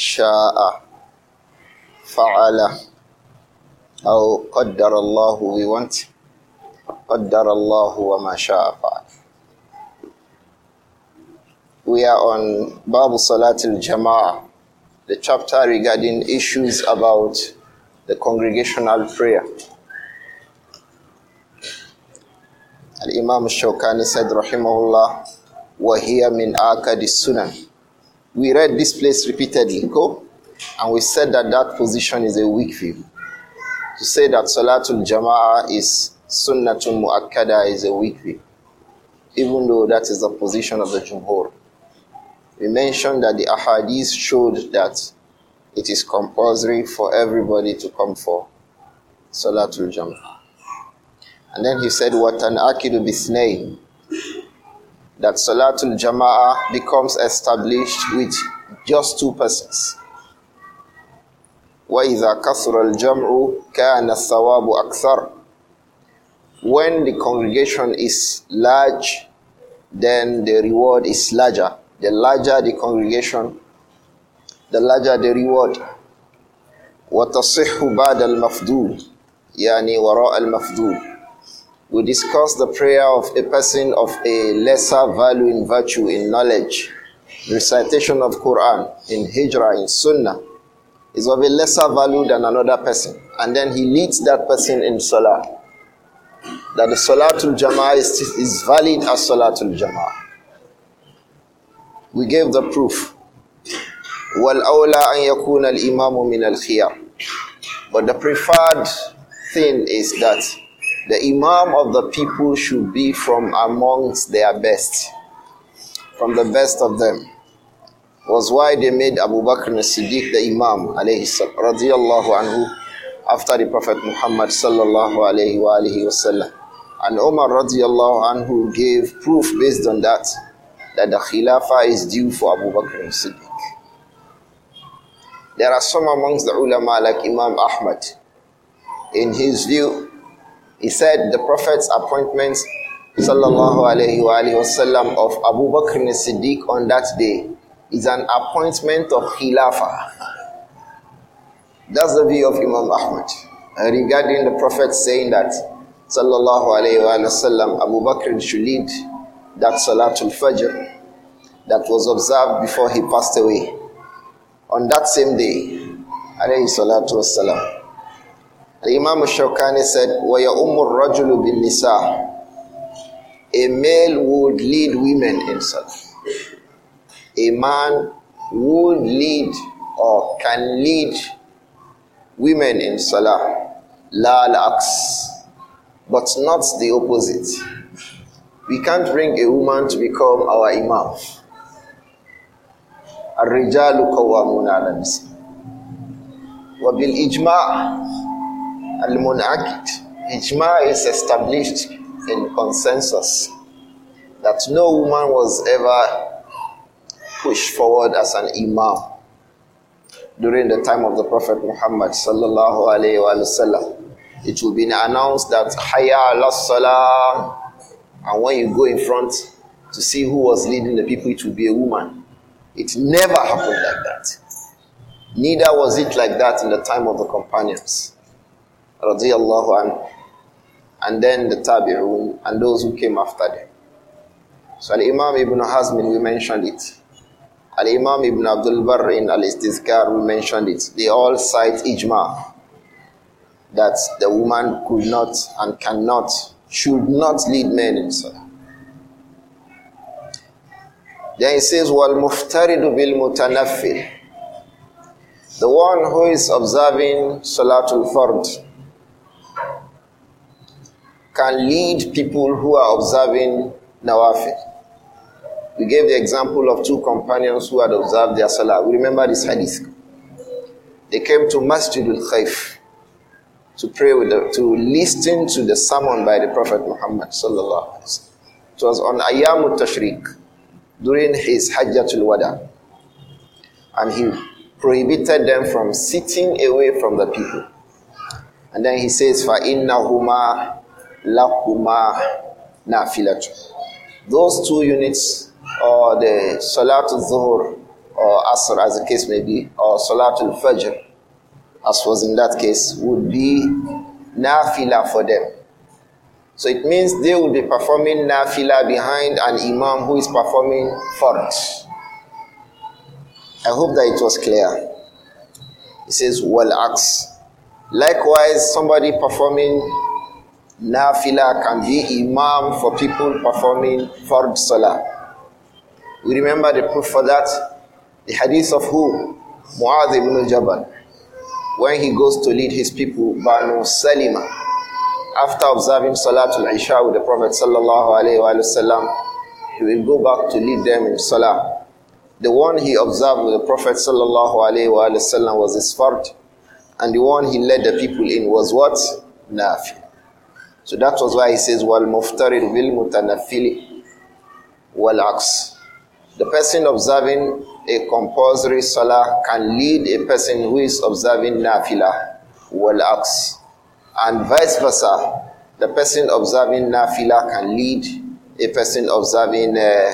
شاء فعل أو قدر الله we want قدر الله وما شاء فعل We are on Babu Salat al-Jama'ah the chapter regarding issues about the congregational prayer. Al Imam Shawkani said, Rahimahullah, وهي من آكد السنن We read this place repeatedly, go, and we said that that position is a weak view. To say that Salatul Jama'ah is Sunnatul Mu'akkada is a weak view, even though that is the position of the Jumhur. We mentioned that the Ahadith showed that it is compulsory for everybody to come for Salatul Jama'ah. And then he said, Watan Akidu Bisnayn that Salatul Jama'ah becomes established with just two persons. وَإِذَا كَثُرَ الْجَمْعُ كَانَ الثَّوَابُ أَكْثَرُ When the congregation is large, then the reward is larger. The larger the congregation, the larger the reward. وَتَصِحُ بَعْدَ الْمَفْدُولِ يعني وراء المفضول we discussed the prayer of a person of a lesser value in virtue, in knowledge. Recitation of Quran in Hijrah, in Sunnah, is of a lesser value than another person. And then he leads that person in Salah. That the Salatul Jama'ah is, is valid as Salatul Jama'ah. We gave the proof. وَالْأَوْلَى أَنْ يَكُونَ الْإِمَامُ مِنَ الْخِيَرِ But the preferred thing is that the Imam of the people should be from amongst their best, from the best of them. Was why they made Abu Bakr as Siddiq the Imam, alayhi radiallahu anhu, after the Prophet Muhammad sallallahu alayhi wa alayhi wasallam. And Omar radiallahu anhu gave proof based on that, that the Khilafah is due for Abu Bakr as Siddiq. There are some amongst the ulama like Imam Ahmad. In his view, he said the Prophet's appointment sallallahu alayhi wasallam of Abu Bakr as-Siddiq on that day is an appointment of Khilafah. That's the view of Imam Ahmad uh, regarding the Prophet saying that sallallahu alayhi wasallam, Abu Bakr should lead that Salatul Fajr that was observed before he passed away on that same day alayhi salatu wasallam. Imam Shawkani said, وَيَأُمُّ الرَّجُلُ بِالنِّسَاءِ A male would lead women in salah. A man would lead or can lead women in salah. La al-aqs. But not the opposite. We can't bring a woman to become our imam. الرجال قوامون على النساء وبالإجماع Al-Mun'aqid, Ijma is established in consensus that no woman was ever pushed forward as an imam during the time of the Prophet Muhammad sallallahu alaihi wasallam. It will be announced that Haya al salah, and when you go in front to see who was leading the people, it will be a woman. It never happened like that. Neither was it like that in the time of the companions radiallahu anhu, and then the tabi'un, and those who came after them. So Al-Imam Ibn Hazm, we mentioned it. Al-Imam Ibn Abdul Barr in Al-Istizkar, we mentioned it. They all cite ijma, that the woman could not and cannot, should not lead men in salah. Then he says, وَالْمُفْتَرِدُ بِالْمُتَنَفِّلِ The one who is observing Salatul Fard, can lead people who are observing nawafil. We gave the example of two companions who had observed their salah. We remember this hadith. They came to Masjidul Khayf to pray with the, to listen to the sermon by the Prophet Muhammad sallallahu alaihi wasallam. It was on al Tashriq during his Hajjatul Wada, and he prohibited them from sitting away from the people. And then he says, فَإِنَّهُمَا لَهُمَا نَافِلَةٌ Those two units, or the Salatul Zuhur or Asr as the case may be, or Salatul Fajr as was in that case, would be nafila for them. So it means they will be performing nafila behind an imam who is performing fard. I hope that it was clear. It says, well acts. Likewise, somebody performing Nafila can be imam for people performing fard salah. We remember the proof for that, the hadith of who? Muadh ibn Jabal. When he goes to lead his people, Banu Salima, after observing Salatul Isha with the Prophet sallallahu alaihi wasallam, he will go back to lead them in Salah. The one he observed with the Prophet sallallahu alaihi wasallam was his fard, and the one he led the people in was what? Nafila. So that was why he says, Wal muftarid bil mutanafili wal aqs. The person observing a compulsory salah can lead a person who is observing nafila wal aqs. And vice versa, the person observing nafila can lead a person observing uh,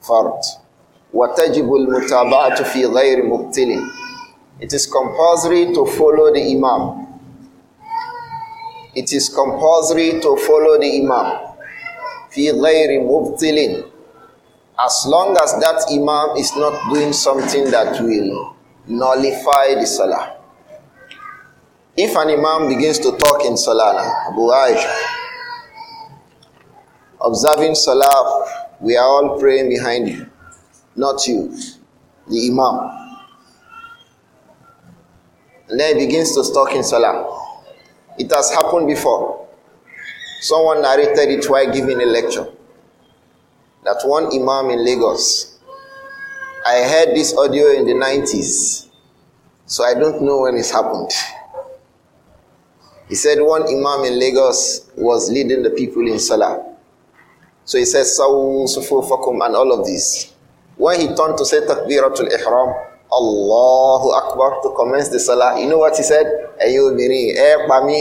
fard. وتجب المتابعة في غير مبتل. It is compulsory to follow the imam it is compulsory to follow the Imam. Fi remove mubtilin. As long as that Imam is not doing something that will nullify the Salah. If an Imam begins to talk in Salah, Abu Aisha, observing Salah, we are all praying behind you, not you, the Imam. And then he begins to talk in Salah. It has happened before. Someone narrated it while giving a lecture. That one imam in Lagos, I heard this audio in the 90s, so I don't know when it happened. He said one imam in Lagos was leading the people in Salah. So he says, Saul, Sufufakum, and all of this. When he turned to say Takbiratul Ihram, Allahu Akbar, to commence the Salah, you know what he said? ẹ̀yin obìnrin ẹ pa mí.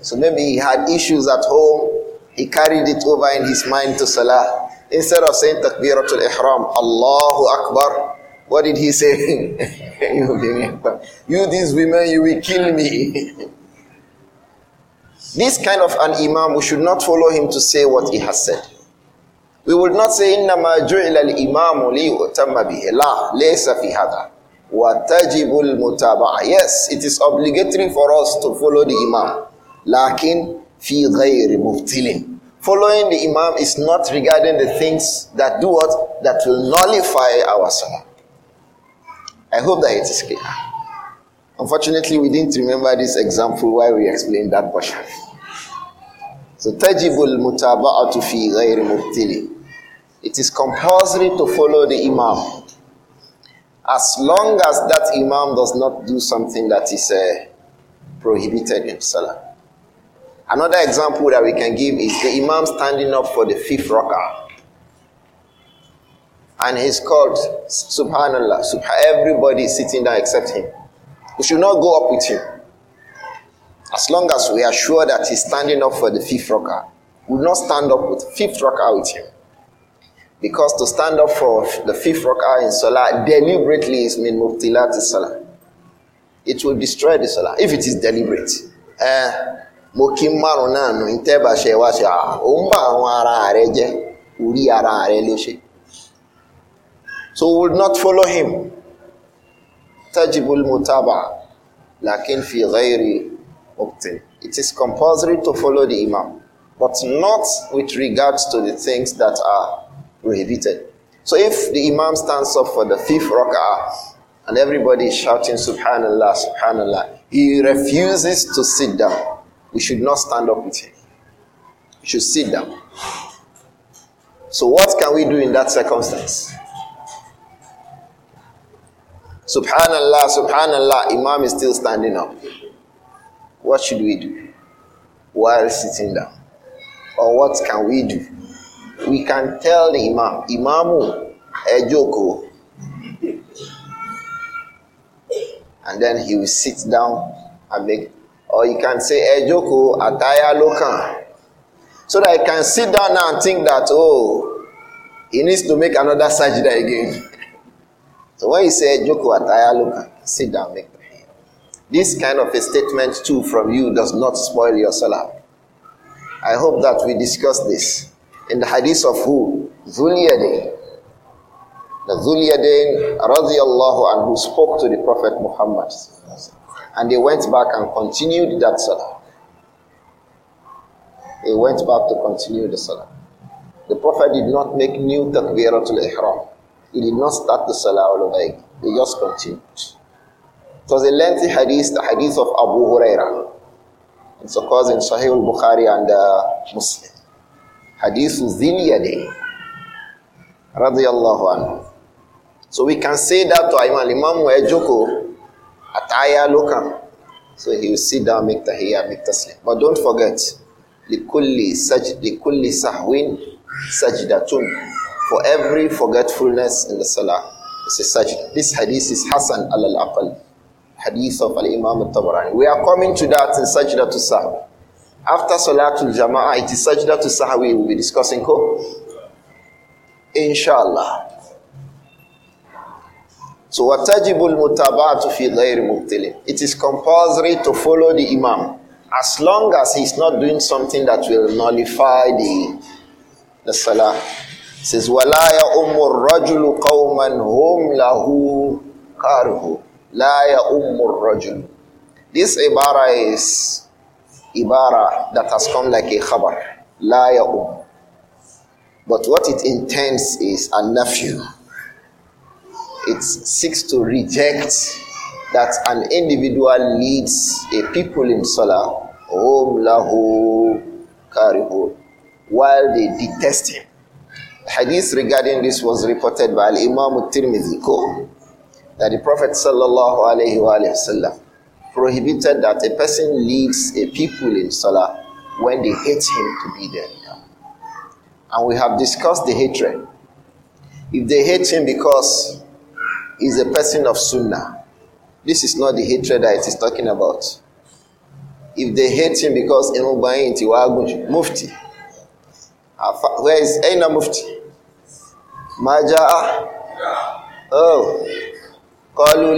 So maybe he had issues at home. He carried it over in his mind to Salah. Instead of saying Takbiratul Ihram, Allahu Akbar, what did he say? you these women, you will kill me. this kind of an imam, we should not follow him to say what he has said. We would not say, إِنَّمَا جُعِلَ الْإِمَامُ لِيُؤْتَمَّ بِهِ لَا لَيْسَ فِي هَذَا Watajibul mutaba. Yes, it is obligatory for us to follow the Imam. Lakin fi ghayri mubtilin. Following the Imam is not regarding the things that do what? That will nullify our salah. I hope that it is clear. Unfortunately, we didn't remember this example why we explained that portion. So, tajibul mutaba'atu fi ghayri mubtilin. It is compulsory to follow the Imam as long as that Imam does not do something that is uh, prohibited in Salah. Another example that we can give is the Imam standing up for the fifth rakah. And he's called, Subhanallah, everybody is sitting down except him. We should not go up with him. As long as we are sure that he's standing up for the fifth rakah, we will not stand up with fifth rakah with him. Because to stand up for the fifth rak'ah in salah deliberately is min mubtilat salah. It will destroy the salah if it is deliberate. Eh, mo kí márùn náà nù ń tẹ́ ṣe wá ṣe ah, ó ń bá àwọn ara rẹ jẹ́ orí ara rẹ ló ṣe. So we will not follow him. تجب المتابعة لكن في غير وقت. It is compulsory to follow the imam but not with regards to the things that are prohibited. So if the Imam stands up for the fifth rak'ah and everybody is shouting subhanallah, subhanallah, he refuses to sit down. We should not stand up with him. We should sit down. So what can we do in that circumstance? Subhanallah, subhanallah, Imam is still standing up. What should we do while sitting down? Or what can we do? we can tell the Imam, Imamu, Ejoko. And then he will sit down and make, or you can say Ejoko, Ataya Lokan. So that he can sit down now and think that, oh, he needs to make another sajda again. So when you say Ejoko, Ataya Lokan, sit down, make this kind of a statement too from you does not spoil your salah. I hope that we discuss this. in the hadith of who? Zulyadain. The Zulyadain radiallahu anhu spoke to the Prophet Muhammad. And they went back and continued that salah. They went back to continue the salah. The Prophet did not make new takbiratul ihram. He did not start the salah all over again. He just continued. It was a lengthy hadith, the hadith of Abu Huraira. It's cause in Sahih al-Bukhari and uh, Muslim. Hadithu Zilyadin radiyallahu anhu. So we can say that to Imam Imam Ejoko Ataya lokam. So he will sit down, make tahiyya, make taslim. But don't forget, likulli saj, kulli sahwin sajdatun. For every forgetfulness in the salah, it's a sajda. This hadith is Hassan al-Aqal, hadith of al-Imam al-Tabarani. We are coming to that in sajdatu to after Salatul Jama'ah, it is Sajda to Sahwi we'll be discussing. Ko? Inshallah. So watajibul mutaba'atu fi ghayri mubtilin. It is compulsory to follow the imam as long as he's not doing something that will nullify the the salah. It says wala ya'ummu rajulu qauman hum lahu karhu. La umur rajulu. This ibara is ibara that has come like a khabar. La ya'um. But what it intends is a nephew. It seeks to reject that an individual leads a people in Salah, hum lahu karihun, while they detest him. Hadith regarding this was reported by Imam al-Tirmidhi, that the Prophet sallallahu alayhi wa sallam prohibited that a person leads a people in Salah when they hate him to be there. And we have discussed the hatred. If they hate him because he's a person of Sunnah, this is not the hatred that it is talking about. If they hate him because Emubayin Tiwagun Mufti, where is Aina Mufti? Maja. Ah. Oh. kọlu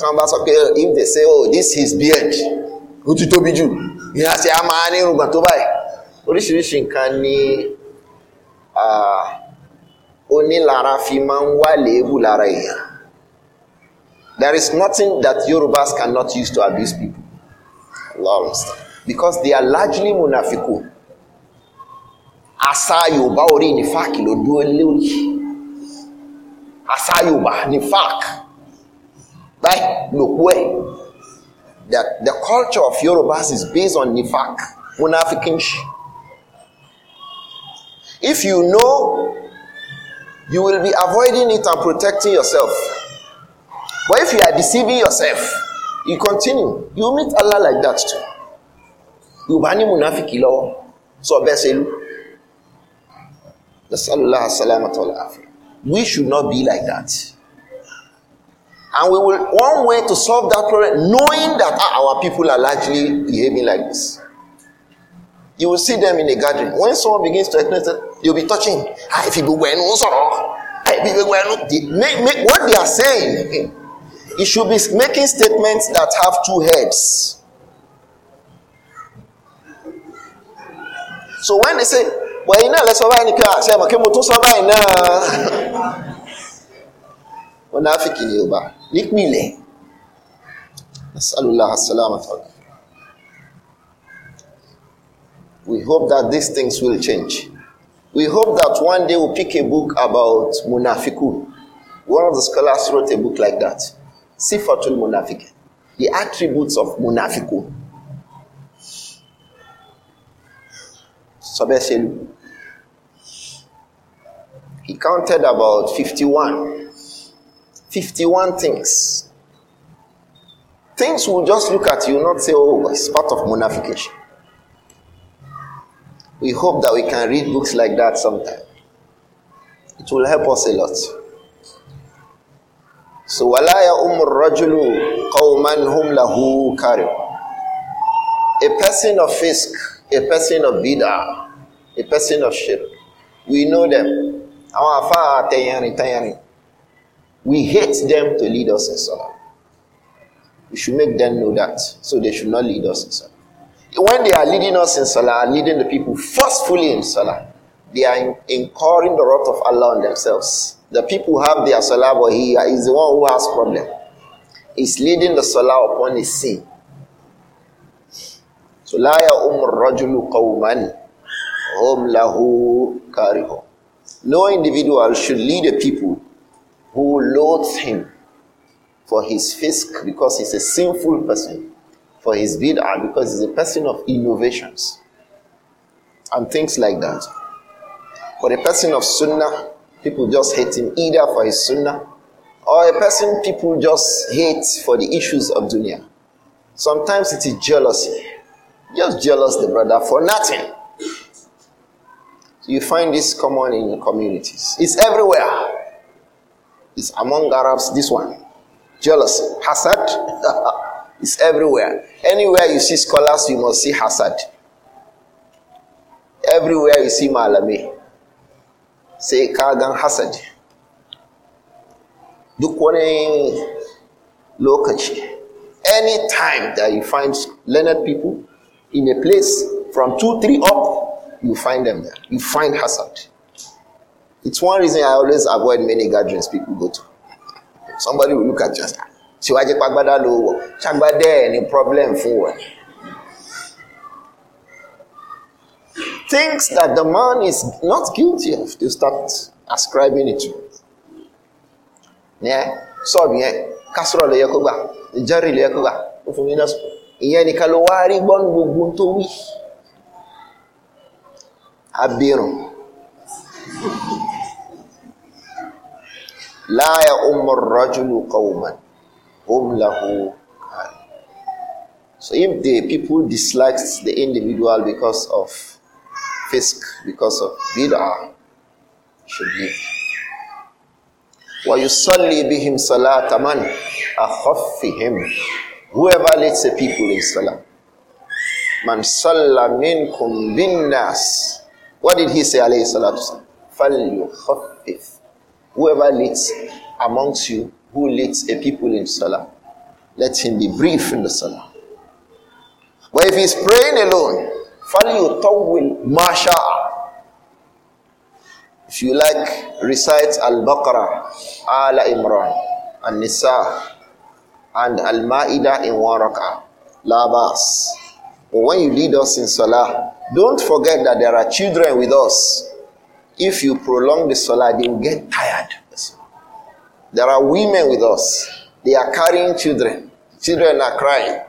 kan bá sọ pé oh, if they say oh this is beard ó ti tóbi jù ìyá sí a máa ní irùngbọ̀n tó báyìí oríṣiríṣi nǹkan ni onílara fi máa ń wá léébù lára èèyàn there is nothing that Yorubas cannot use to abuse people lord because they are largely munafiku àṣà Yorùbá orí ní fáàkì ló dúró lórí àṣà Yorùbá ní fáàkì báyìí look ẹ̀ the the culture of Yorubas is based on nifak munafikinshi if you know you will be avoiding it and protecting yourself but if you are deceiving yourself you continue you meet Allah like that too Yorùbá ní so lọ́wọ́ sọ bẹ́ẹ̀ ṣe lú nasalala salamatola afi we should not be like that. And we will, one way to solve that problem, knowing that ah, our people are largely behaving like this. You will see them in a gathering. When someone begins to explain, you'll be touching. Ah, if you go when eh, what they are saying, it should be making statements that have two heads. So when they say, well, you know, let's survive in the car, say, okay, to survive now. ni We hope that these things will change. We hope that one day we'll pick a book about Munafiku. One of the scholars wrote a book like that. Sifatul Munafiki. The attributes of Munafiku. said He counted about 51 51 things. Things will just look at you, not say, oh, it's part of monification. We hope that we can read books like that sometime. It will help us a lot. So, وَلَا يَأُمُّ الرَّجُلُ قَوْمًا هُمْ لَهُ كَارِمٌ A person of fisk, a person of bid'ah, a person of shirk, we know them. Our father, We hate them to lead us in salah. We should make them know that, so they should not lead us in salah. When they are leading us in salah, leading the people forcefully in salah, they are incurring the wrath of Allah on themselves. The people have their salah, but he is the one who has problem. He's leading the salah upon his sin. So لا يؤم الرجل قوما هم له كارهون. No individual should lead a people who loathes him for his fisk because he's a sinful person, for his bid'ah because he's a person of innovations, and things like that. For a person of sunnah, people just hate him either for his sunnah or a person people just hate for the issues of dunya. Sometimes it is jealousy. Just jealous the brother for nothing. you find this common in communities. It's everywhere is among Arabs this one. Jealousy. Hasad is everywhere. Anywhere you see scholars, you must see hasad. Everywhere you see malami. Say kagan hasad. Duk Any time that you find learned people in a place from two, three up, you find them there. You find hasad. It's one reason I always avoid many gatherings people go to. Somebody will look at just Ṣíwájú Pàgbádá Lo wọ̀. Ṣàgbádá ẹ̀ ni problem fún wọn. Things that the man is not guilty of, to start ascribing it to. Ní sọ́ọ̀bù yẹn, kásírọ̀ ló yẹ kó gbà, ìjẹ́rì ló yẹ kó gbà, ó fún mi náà sùn. Ìyẹn nìkan ló wá rí gbọ́n gbogbo tó wí. Abirùn. لا يؤم الرجل قوما هم له So if the people dislikes the individual because of fisk, because of bid'ah, should leave. وَيُصَلِّي بِهِمْ صَلَاةَ مَنْ أَخَفِّهِمْ Whoever leads the people in salah. Man salla minkum binnas. What did he say alayhi salatu wasalam? فَلْيُخَفِّفْ Whoever leads amongst you who leads a people in Salah, let him be brief in the Salah. But if he's praying alone, follow your tongue with masha If you like, recite Al-Baqarah, Al-Imran, and nisa and Al-Ma'idah in one rak'ah. Labas. But when you lead us in Salah, don't forget that there are children with us if you prolong the salah, they will get tired. There are women with us. They are carrying children. Children are crying.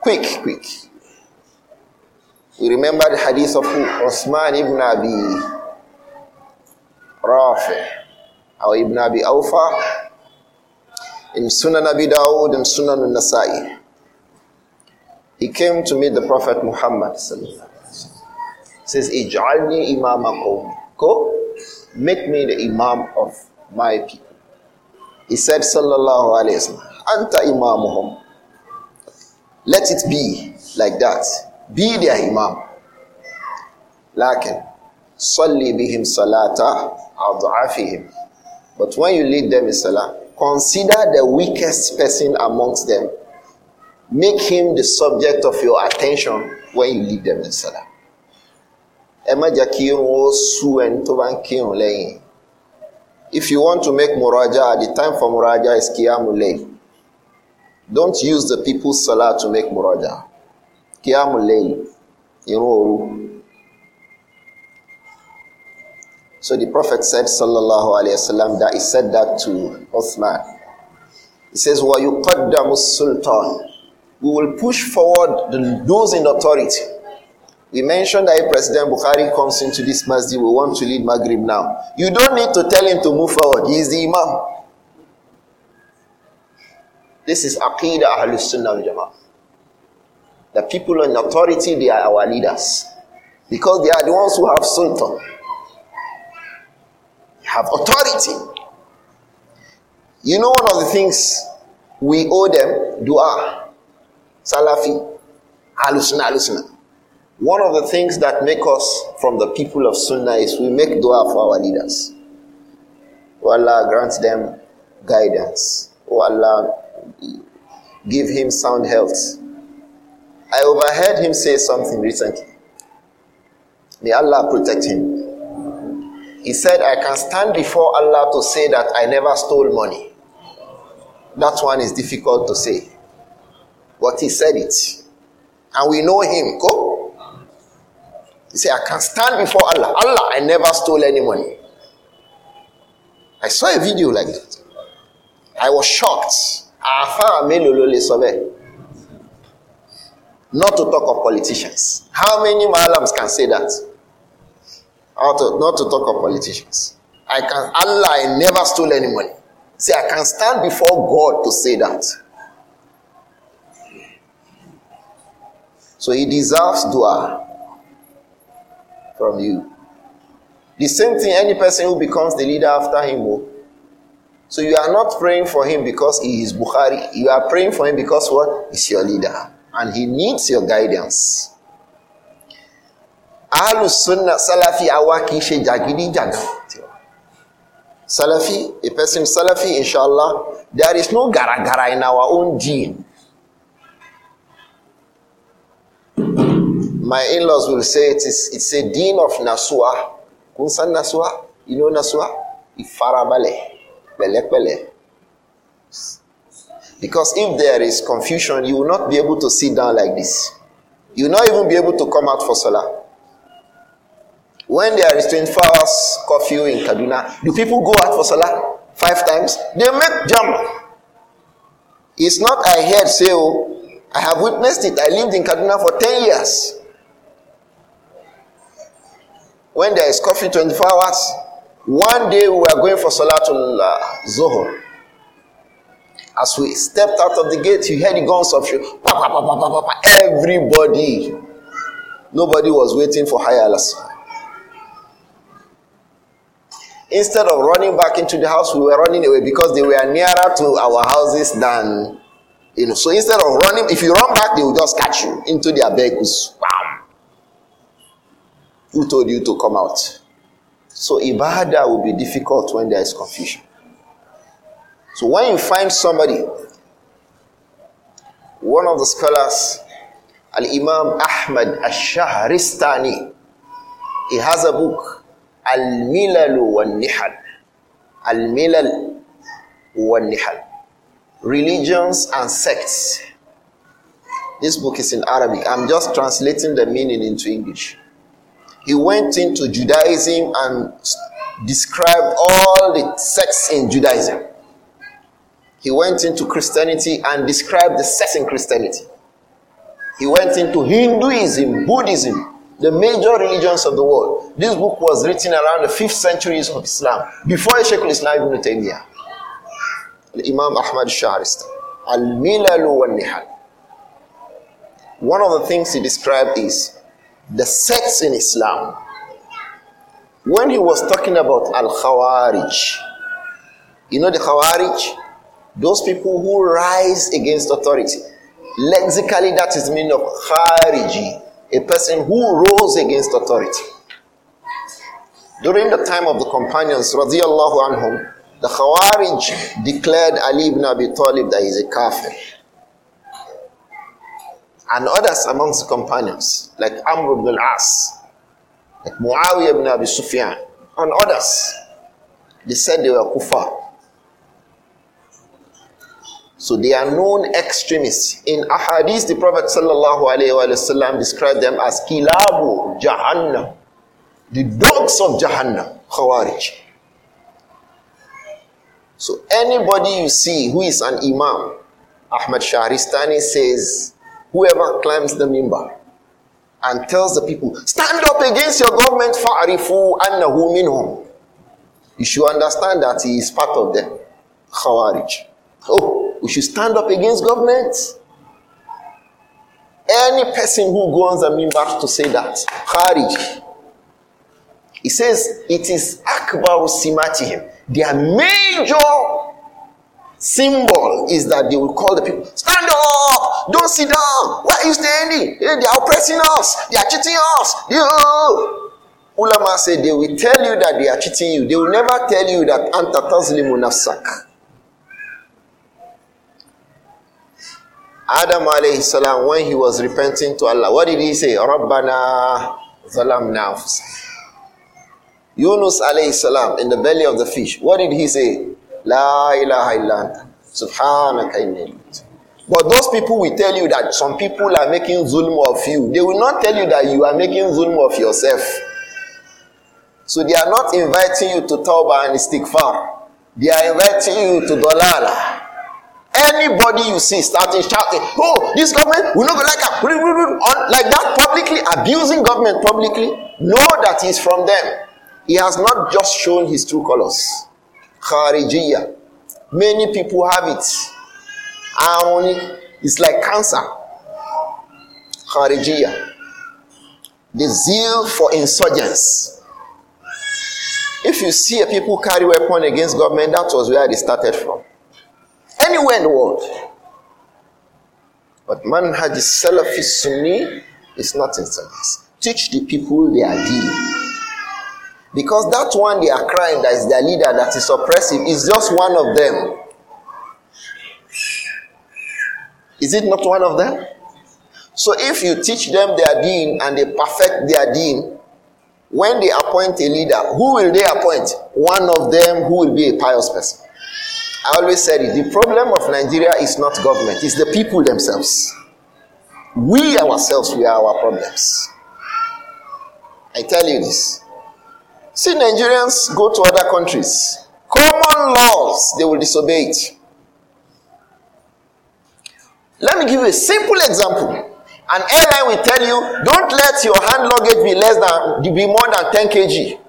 Quick, quick. We remember the hadith of Osman ibn Abi Rafi or ibn Abi Awfa in Sunan Abi Dawud and Sunan al-Nasai. He came to meet the Prophet Muhammad sallallahu says, Ij'alni imama qawmi. Go, make me the imam of my people. He said, Sallallahu alayhi wasallam, Anta imamuhum. Let it be like that. Be their imam. Lakin, salli bihim salata adhafihim. But when you lead them in salah, consider the weakest person amongst them. Make him the subject of your attention when you lead them in salah ẹ jẹ́ kí irun ó sú ẹni tó bá ń kírun lẹ́yìn if you want to make muraja the time for muraja is kia layl don't use the people's salah to make muraja Kia layl irun òru. So the Prophet said, Sallallahu Alaihi Wasallam, that he said that to Uthman. He says, وَيُقَدَّمُ Sultan, We will push forward the, those in authority. We mentioned that President Bukhari comes into this masjid, we want to lead Maghrib now. You don't need to tell him to move forward. He is the Imam. This is Aqidah Ahlus Sunnah al Jama'ah. The people in authority, they are our leaders. Because they are the ones who have sultan. They have authority. You know one of the things we owe them? Dua. Salafi. Ahlus Sunnah, Ahlus Sunnah. One of the things that make us from the people of Sunnah is we make dua for our leaders. Oh Allah grant them guidance. Oh Allah give him sound health. I overheard him say something recently. May Allah protect him. He said, I can stand before Allah to say that I never stole money. That one is difficult to say. But he said it. And we know him. Go. You say, I can stand before Allah. Allah, I never stole any money. I saw a video like that. I was shocked. Not to talk of politicians. How many Malams can say that? Not to, not to talk of politicians. I can Allah, I never stole any money. See, I can stand before God to say that. So he deserves dua from you. The same thing any person who becomes the leader after him will. Oh, so you are not praying for him because he is Bukhari. You are praying for him because what? He's your leader. And he needs your guidance. Ahlus Sunnah Salafi Awaki She Jagidi Jaga. Salafi, a person Salafi, inshallah, there is no gara gara in our own gene. My in-laws will say it is, it's a deen of Nasua. Kunsan Nasua? You know Nasua? Ifarabale. Belekbele. Because if there is confusion, you will not be able to sit down like this. You will not even be able to come out for Salah. When there is 24 hours curfew in Kaduna, do people go out for Salah five times? They make jam. It's not I heard say, oh, I have witnessed it. I lived in Kaduna for 10 years when there is coffee 24 hours, one day we were going for Salatul uh, Zohor. As we stepped out of the gate, you heard the guns of you. Pa, pa, pa, Everybody. Nobody was waiting for high lesson. Instead of running back into the house, we were running away because they were nearer to our houses than, you know. So instead of running, if you run back, they will just catch you into their vehicles. Wow. Who told you to come out? So ibadah will be difficult when there is confusion. So when you find somebody, one of the scholars, Al Imam Ahmad Ash-Shahristani, he has a book, Al Milal wa Nihal. Al Milal wa Nihal. Religions and sects. This book is in Arabic. I'm just translating the meaning into English he went into Judaism and described all the sects in Judaism. He went into Christianity and described the sects in Christianity. He went into Hinduism, Buddhism, the major religions of the world. This book was written around the 5th centuries of Islam, before Sheikh al-Islam ibn Taymiyyah. Imam Ahmad Shahrista. Al-Milalu wal-Nihal. One of the things he described is the sects in Islam. When he was talking about Al Khawarij, you know the Khawarij? Those people who rise against authority. Lexically, that is meaning of Khariji, a person who rose against authority. During the time of the companions, radiallahu anhum, the Khawarij declared Ali ibn Abi Talib that he is a kafir and others amongst the companions, like Amr ibn al-As, like Muawiyah ibn Abi Sufyan, and others. They said they were kuffar. So they are known extremists. In ahadith, the Prophet wasallam described them as kilabu jahannam, the dogs of jahannam, khawarij. So anybody you see who is an imam, Ahmad Shahristani says, whoever climbs the mimbar and tells the people, stand up against your government, fa'arifu annahu minhum. You should understand that he is part of them. Khawarij. Oh, we should stand up against government. Any person who goes on the mimbar to say that, Kharij. He says, it is akbar simatihim. Their major symbol is that they will call the people stand up don't sit down why are you standing eh, they are oppressing us they are cheating us you ulama say they will tell you that they are cheating you they will never tell you that anta taslimu nafsak adam alayhi salam when he was repenting to allah what did he say rabbana zalamna nafs yunus alayhi salam in the belly of the fish what did he say La ilaha illa subhanaka inni But those people will tell you that some people are making zulm of you. They will not tell you that you are making zulm of yourself. So they are not inviting you to tauba and istighfar. They are inviting you to dolala. Anybody you see starting shouting, oh, this government, we not go like that. Like that publicly, abusing government publicly, know that he is from them. He has not just shown his true colors. Kharijiyya. Many people have it. Àrùn it's like cancer. Kharijiyya. The zeal for insurgents. If you see a people carry weapon against government, that was where they started from. Anywhere in the world. But man the Salafi Sunni is not insurgency. Teach the people their deen. Because that one they are crying that is their leader that is oppressive is just one of them. Is it not one of them? So if you teach them their deen and they perfect their deen, when they appoint a leader, who will they appoint? One of them who will be a pious person. I always said it. The problem of Nigeria is not government, it's the people themselves. We ourselves, we are our problems. I tell you this. See, Nigerians go to other countries. Common laws, they will disobey it. Let me give you a simple example. An airline will tell you, don't let your hand luggage be less than be more than 10 kg.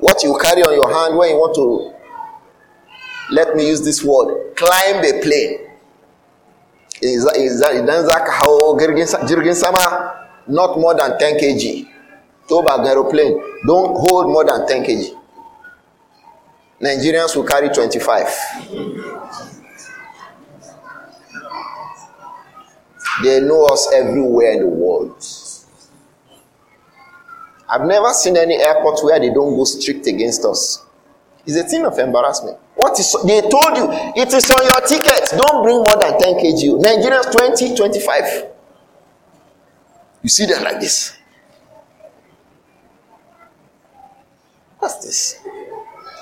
What you carry on your hand when you want to, let me use this word, climb a plane. Is that, is that, is that how jirgin sama? Not more than 10 kg. Tow bag aeroplane don't hold more than ten kg. Nigerians will carry twenty-five. They know us everywhere in the world. I've never seen any airport where they don't go strict against us. It's a thing of embarrassment. What is they told you? It is on your ticket. Don't bring more than ten kg. Nigerians twenty, twenty-five. You see them like this. What's this?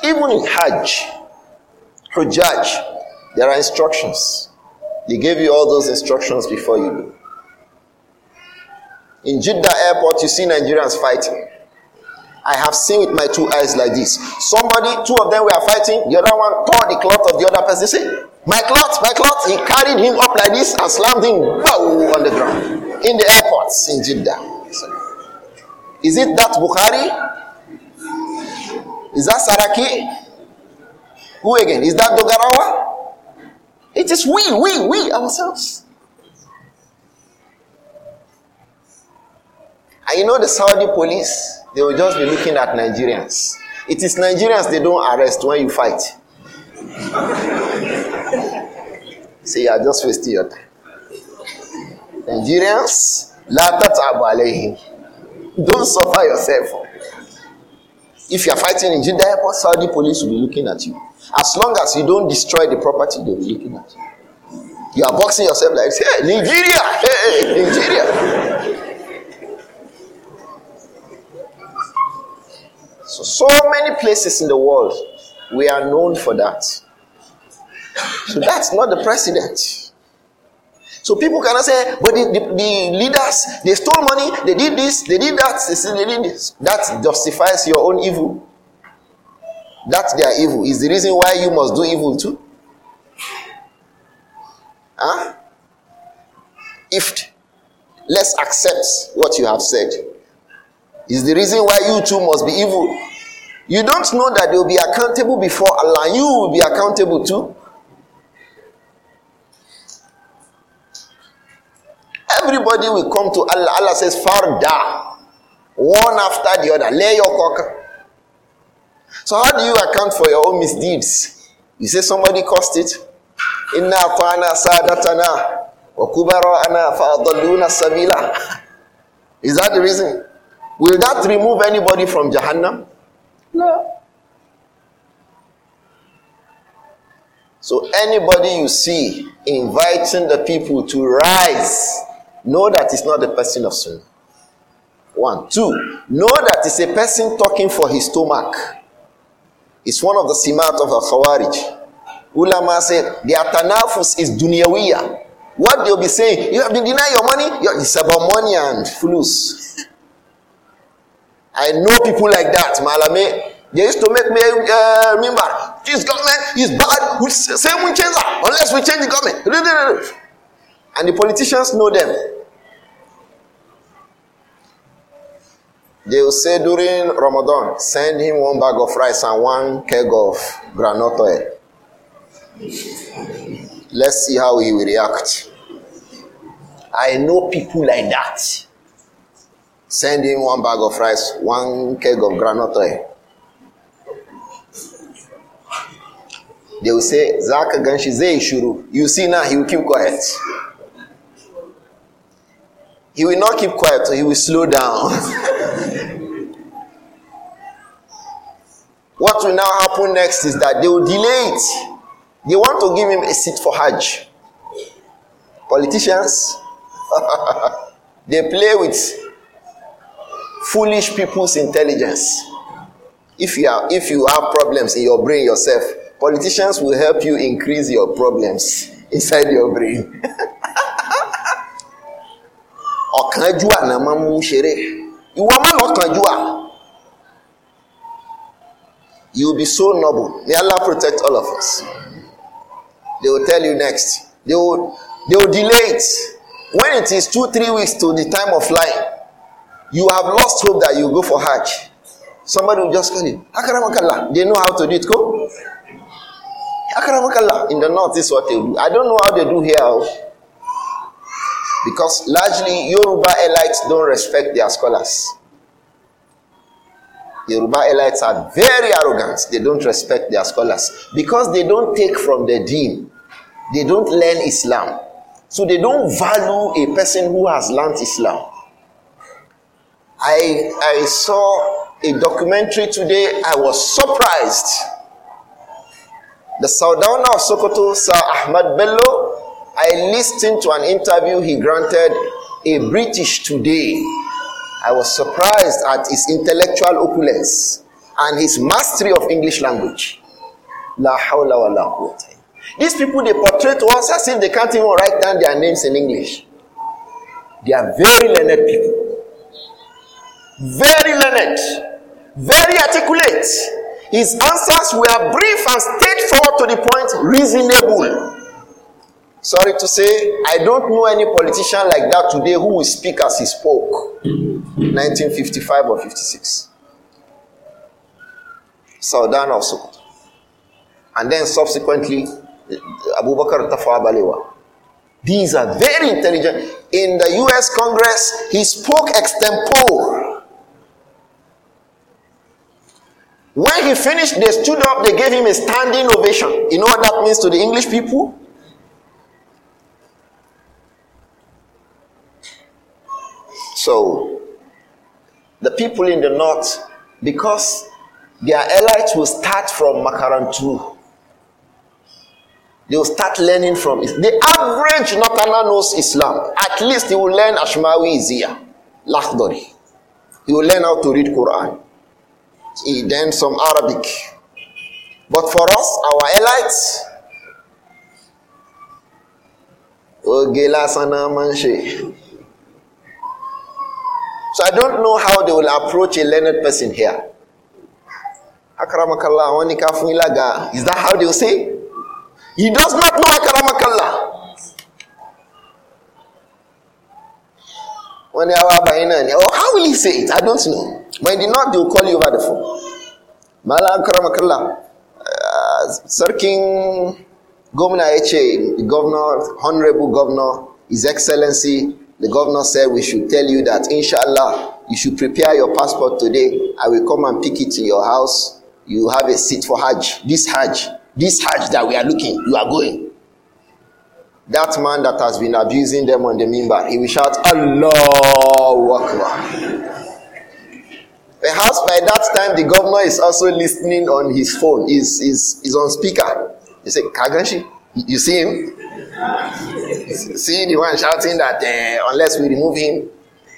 Even in Hajj, Hujjaj, there are instructions. They gave you all those instructions before you do. In Jeddah airport, you see Nigerians fighting. I have seen with my two eyes like this. Somebody, two of them were fighting, the other one tore the cloth of the other person. Say, my cloth, my cloth. He carried him up like this and slammed him bow, on the ground. In the airports in Jeddah. Is it that Bukhari? Is that Saraki? Who again? Is that Dogarawa? It is we, we, we ourselves. And you know the Saudi police, they will just be looking at Nigerians. It is Nigerians they don't arrest when you fight. See, you are just wasting your time. Nigerians, la tat'abu alayhim. Don't suffer yourself. If you are fighting in Jeddah Airport, Saudi police will be looking at you. As long as you don't destroy the property, they will be looking at you. You are boxing yourself like, hey, Nigeria, hey, Nigeria. so, so many places in the world, we are known for that. So that's not the president. So people cannot say, but the, the, the, leaders, they stole money, they did this, they did that, they did this. That justifies your own evil. That their evil is the reason why you must do evil too. Huh? If let's accept what you have said, is the reason why you too must be evil. You don't know that they will be accountable before Allah. You will be accountable too. Everybody will come to Allah. Allah says, Farda. One after the other. Lay your cocker. So how do you account for your own misdeeds? You say somebody caused it. Inna atana sadatana wa kubara'ana fa'adalluna sabila. Is that the reason? Will that remove anybody from Jahannam? No. So anybody you see inviting the people to rise Know that it's not the person of sin. One. Two, know that it's a person talking for his stomach. It's one of the simat of the Khawarij. Ulama said, the atanafus is dunyawiyah. What they'll be saying, you have to deny your money, You're, it's about money and flus. I know people like that, Malame. They used to make me uh, remember, this government is bad, we, same we change that, unless we change the government. And the politicians know them. They will say during Ramadan, send him one bag of rice and one keg of granite oil. Let's see how he will react. I know people like that. Send him one bag of rice, one keg of granite oil. They will say, Zaka Ganshi Zei You see now, he will keep quiet. He will not keep quiet, so he will slow down. what will now happen next is that they will delay it. They want to give him a seat for Hajj. Politicians, they play with foolish people's intelligence. If you, are, if you have problems in your brain yourself, politicians will help you increase your problems inside your brain. ọ̀kánjúwà náà máa ń mú ṣeré ìwọ má lọ́kánjúwà you be so noble may Allah protect all of us they will tell you next they will they will delay it when it is two three weeks to the time of flying you have lost hope that you go for hajj somebody will just call you akaramakallah they know how to do it go Akaramakala in the north is what they do i don't know how they do here. Oh. Because largely Yoruba elites don't respect their scholars. Yoruba elites are very arrogant. They don't respect their scholars because they don't take from the deen. They don't learn Islam. So they don't value a person who has learned Islam. I, I saw a documentary today. I was surprised. The Saldana of Sokoto, Sir Ahmad Bello, I listened to an interview he granted a British today. I was surprised at his intellectual opulence and his mastery of English language. La hawla wa la These people they portray to us as if they can't even write down their names in English. They are very learned people. Very learned. Very articulate. His answers were brief and straightforward to the point, reasonable. Sorry to say, I don't know any politician like that today who will speak as he spoke 1955 or 56. Saudan also. And then subsequently, Abu Bakr Tafa Balewa. These are very intelligent. In the US Congress, he spoke extempore. When he finished, they stood up, they gave him a standing ovation. You know what that means to the English people? So, the people in the north, because their elites will start from Makarantu, they will start learning from it. The average northerner knows Islam. At least he will learn Ashmawi Zia, Lakhdari. He will learn how to read Quran. He then some Arabic. But for us, our elites, Ogela Sana Manche. So I don't know how they will approach a learned person here. Akramakallah, Is that how they will say? He does not know Akramakallah. oh, how will he say it? I don't know. When they not, they will call you over the phone. Mala Akramakallah. Uh, Sarking Governor Governor, Honorable Governor, His Excellency, the governor said, We should tell you that, inshallah, you should prepare your passport today. I will come and pick it to your house. You have a seat for Hajj. This Hajj, this Hajj that we are looking, you are going. That man that has been abusing them on the mimbar, he will shout, Allah, Akbar. Perhaps by that time, the governor is also listening on his phone, is is is on speaker. He said, Kaganshi, you see him? See the one shouting that uh, unless we remove him,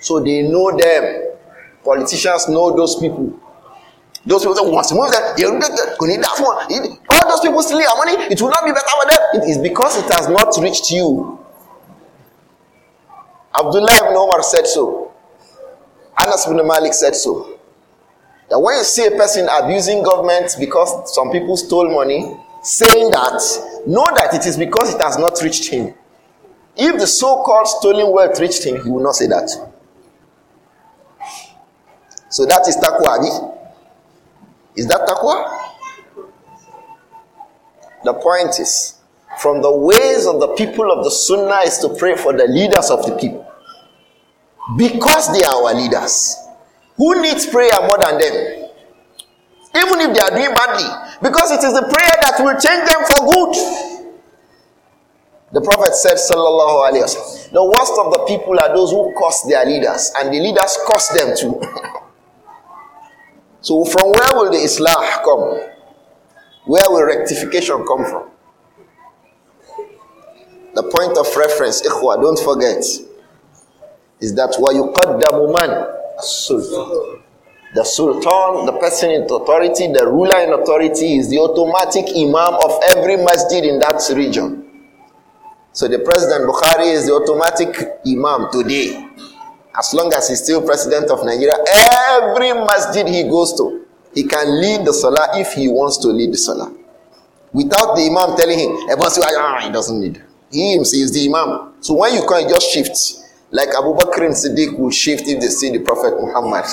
so they know them. Politicians know those people. Those people that want to move them, need that one. All those people stealing our money, it will not be better for them. It is because it has not reached you. Abdullah ibn Omar said so. Anas ibn Malik said so. That when you see a person abusing government because some people stole money, saying that, know that it is because it has not reached him. If the so called stolen wealth reached him, he will not say that. So that is taqwa. Is that taqwa? The point is, from the ways of the people of the Sunnah is to pray for the leaders of the people. Because they are our leaders. Who needs prayer more than them? even if they are doing badly, because it is the prayer that will change them for good. The Prophet said, Sallallahu Alaihi Wasallam, the worst of the people are those who curse their leaders, and the leaders curse them too. so, from where will the Islah come? Where will rectification come from? The point of reference, ikhwa, don't forget, is that وَيُقَدَّمُ مَنْ السُّلْطَانُ the sultan, the person in authority, the ruler in authority is the automatic imam of every masjid in that region. So the President Bukhari is the automatic imam today. As long as he's still president of Nigeria, every masjid he goes to, he can lead the salah if he wants to lead the salah. Without the imam telling him, everyone say, ah, he doesn't need. He himself is the imam. So when you can't just shift. Like Abu Bakr and Siddiq will shift if they see the Prophet Muhammad.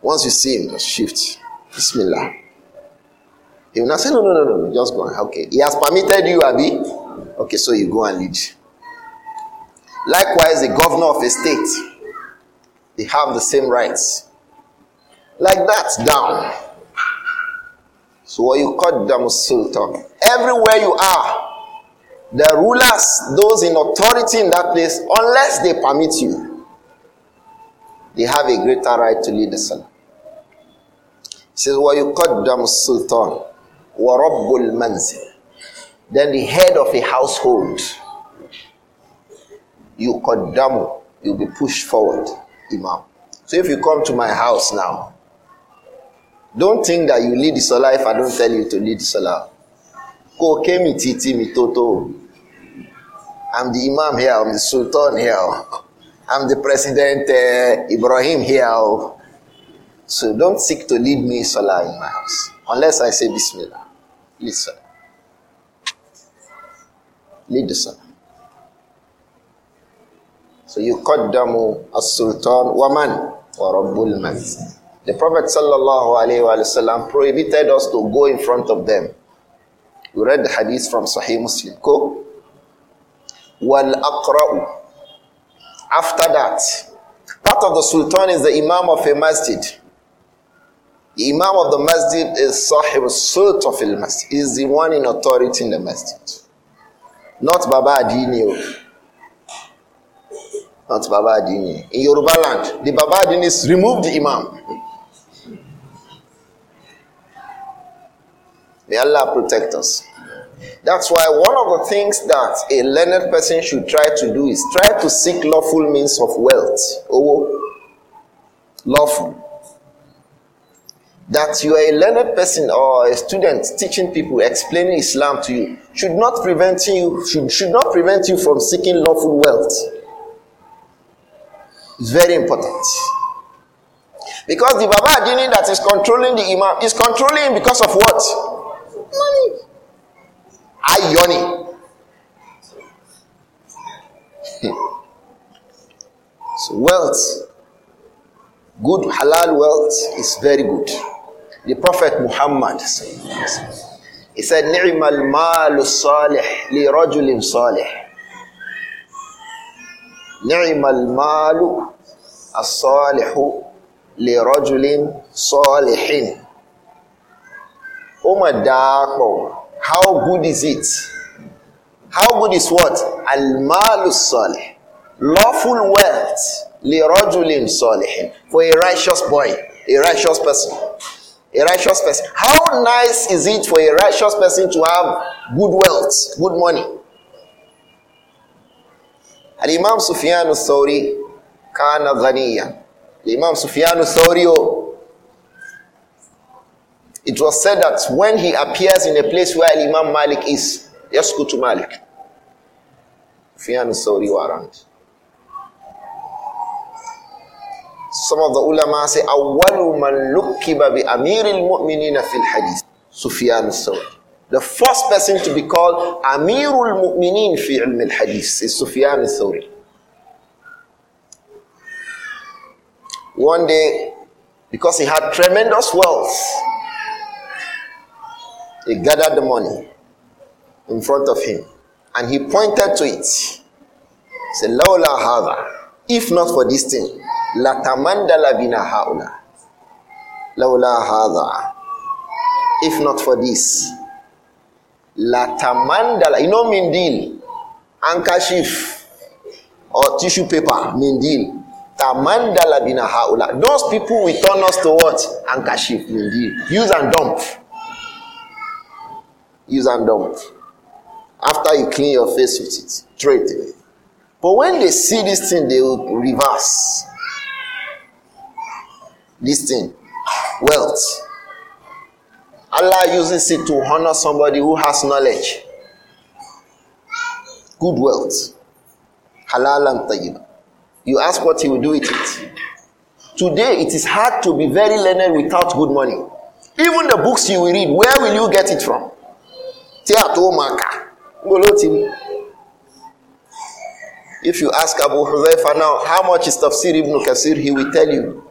Once you see him, just shift. Bismillah. He will not say, No, no, no, no, just go on. Okay. He has permitted you, Abi. Okay, so you go and lead. Likewise, the governor of a state, they have the same rights. Like that, down. So what you call them sultan. Everywhere you are, the rulers, those in authority in that place, unless they permit you, they have a greater right to lead the salah says, وَيُقَدَّمُ السُّلْطَانِ وَرَبُّ الْمَنْزِلِ Then the head of a household, you قدّم, you'll be pushed forward, Imam. So if you come to my house now, don't think that you lead the Salah if I don't tell you to lead the Salah. I'm the Imam here, I'm the Sultan here, I'm the President uh, Ibrahim here. So don't seek to lead me Salah in my house. Unless I say Bismillah. Listen, Salah. Lead the Salah. So you qaddamu as-sultan wa man wa rabbul masjid. The Prophet sallallahu alaihi wasallam prohibited us to go in front of them. We read the hadith from Sahih Muslim. Go. Wal aqra'u. After that, part of the sultan is the imam of a masjid. Imam of the masjid is Sahib Sultan fil masjid. He is the one in authority in the masjid. Not Baba Adini. Oh. Not Baba Adini. In Yoruba land, the Baba is removed the Imam. May Allah protect us. That's why one of the things that a learned person should try to do is try to seek lawful means of wealth. Oh, lawful that you are a learned person or a student teaching people, explaining Islam to you, should not prevent you, should, should not prevent you from seeking lawful wealth. It's very important. Because the Baba Adini that is controlling the Imam is controlling because of what? Money. I yoni. so wealth, good halal wealth is very good. the Prophet Muhammad, he said, Ni'mal malu salih li rajulin salih. Ni'mal malu as-salihu li rajulin salihin. Oh my how good is it? How good is what? Al-malu salih. Lawful wealth li rajulin salihin. For a righteous boy, a righteous person. A righteous person. How nice is it for a righteous person to have good wealth, good money? Al Imam Sufyan al Thawri, Kana Ghaniya. Imam Sufyan al Thawri, oh, it was said that when he appears in a place where Imam Malik is, yes, go to Malik. Sufyan al Thawri around. Some of the ulama say, man مَنْ لُكِّبَ بِأَمِيرِ الْمُؤْمِنِينَ فِي hadith Sufyan Thawri, The first person to be called Amirul Mu'mineen fi ilm al-Hadith is Sufyan thawri One day, because he had tremendous wealth, he gathered the money in front of him and he pointed to it. He said, Lawla hadha, if not for this thing, Latamandala bina haula. Laula hadha. If not for this. Latamandala. You know mindil. Handkerchief. Or tissue paper. Mindil. Tamandala bina haula. Those people will turn us to what? Handkerchief. Mindil. Use and dump. Use and dump. After you clean your face with it. Throw it away. But when they see this thing, they will reverse this thing wealth allah uses it to honor somebody who has knowledge good wealth halal and tayyib you ask what he will do with it today it is hard to be very learned without good money even the books you will read where will you get it from if you ask abu huzaifa now how much is tafsir ibn kasir he will tell you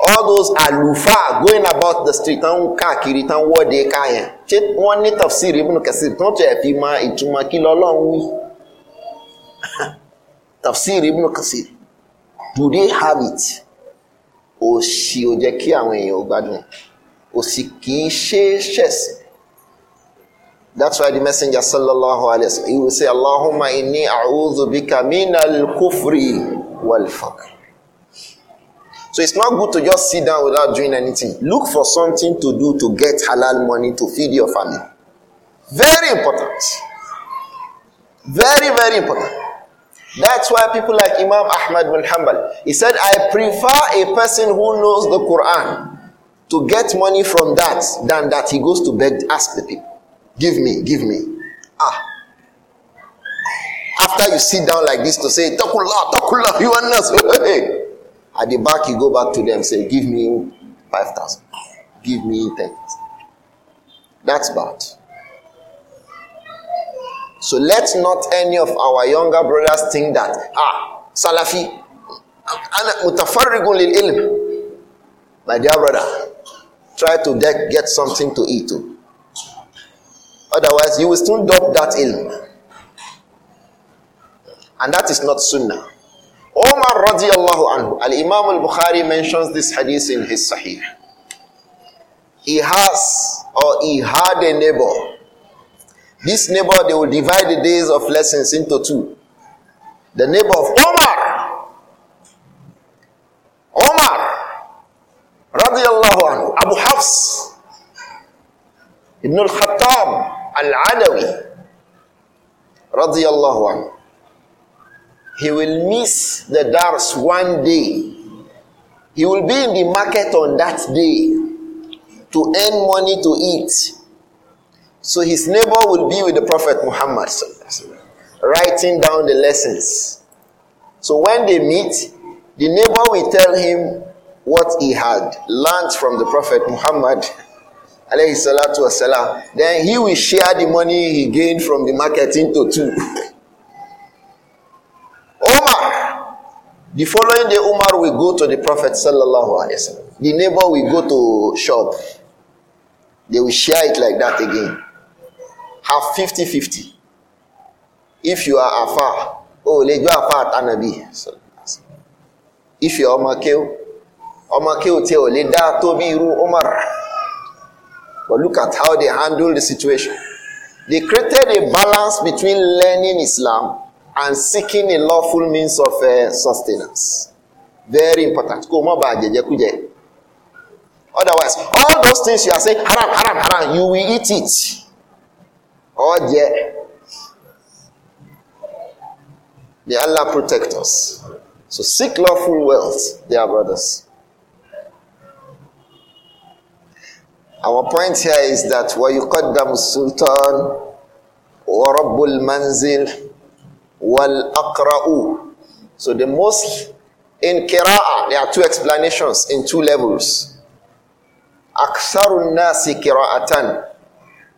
all those alufa going about the street tán ń káàkiri tán wọ́de ká yẹn ṣé wọ́n ní tafsiri ibùnú kẹsìrì tó ń tẹ̀ fi mọ ìtumọ̀ kí lọ́lọ́run wí tafsiri ibùnú kẹsìrì do they have it òṣì ò jẹ́ kí àwọn èèyàn ò gbádùn òṣì kì í ṣe é ṣẹ̀sìn that's why the messenger sallallahu alayhi wa sallam he will say allahumma inni a'udhu bika al kufri wal faqr. So it's not good to just sit down without doing anything. Look for something to do to get halal money to feed your family. Very important. Very, very important. That's why people like Imam Ahmad bin Hanbal, he said, I prefer a person who knows the Quran to get money from that than that he goes to beg, ask the people, give me, give me. Ah. After you sit down like this to say, Takullah, Takullah, you are not. At the back, you go back to them, say, Give me 5,000. Give me 10,000. That's bad. So let not any of our younger brothers think that, ah, Salafi, mutafarrigun lil ilm. My dear brother, try to get something to eat too. Oh. Otherwise, you will still drop that ilm. And that is not sunnah. Umar radiallahu anhu, Al Imam al Bukhari mentions this hadith in his Sahih. He has or he had a neighbor. This neighbor, they will divide the days of lessons into two. The neighbor of Omar, Omar, radiallahu anhu, Abu Hafs, Ibn al Khattab al Adawi, radiallahu anhu. He will miss the dars one day. He will be in the market on that day to earn money to eat. So his neighbor will be with the Prophet Muhammad, writing down the lessons. So when they meet, the neighbor will tell him what he had learned from the Prophet Muhammad. Then he will share the money he gained from the market into two. The following day, Umar will go to the Prophet sallallahu alaihi wasallam. The neighbor will go to shop. They will share it like that again. Have 50-50. If you are afar, oh, let go afar at Anabi. If you are Omakeo, Omakeo tell, let that to ru Umar. But look at how they handle the situation. They created a balance between learning Islam and seeking a lawful means of uh, sustenance. Very important. Kò mọ̀ bá Otherwise, all those things you are saying, haram, haram, haram, you will eat it. Oh jẹ. May Allah protect us. So seek lawful wealth, dear brothers. Our point here is that sultan السُّلْطَانُ وَرَبُّ manzil. wal aqra'u. So the most in Qur'an, there are two explanations in two levels. Aksarun nasi qira'atan.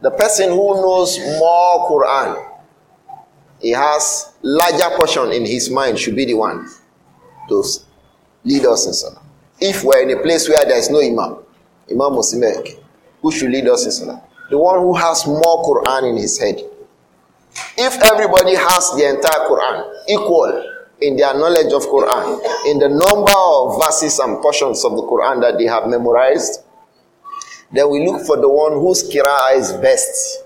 The person who knows more Quran, he has larger portion in his mind, should be the one to lead us in salah. If we're in a place where there is no imam, Imam Muslim, who should lead us in salah? The one who has more Quran in his head. If everybody has the entire Quran equal in their knowledge of Quran, in the number of verses and portions of the Quran that they have memorized, then we look for the one whose kira'ah is best,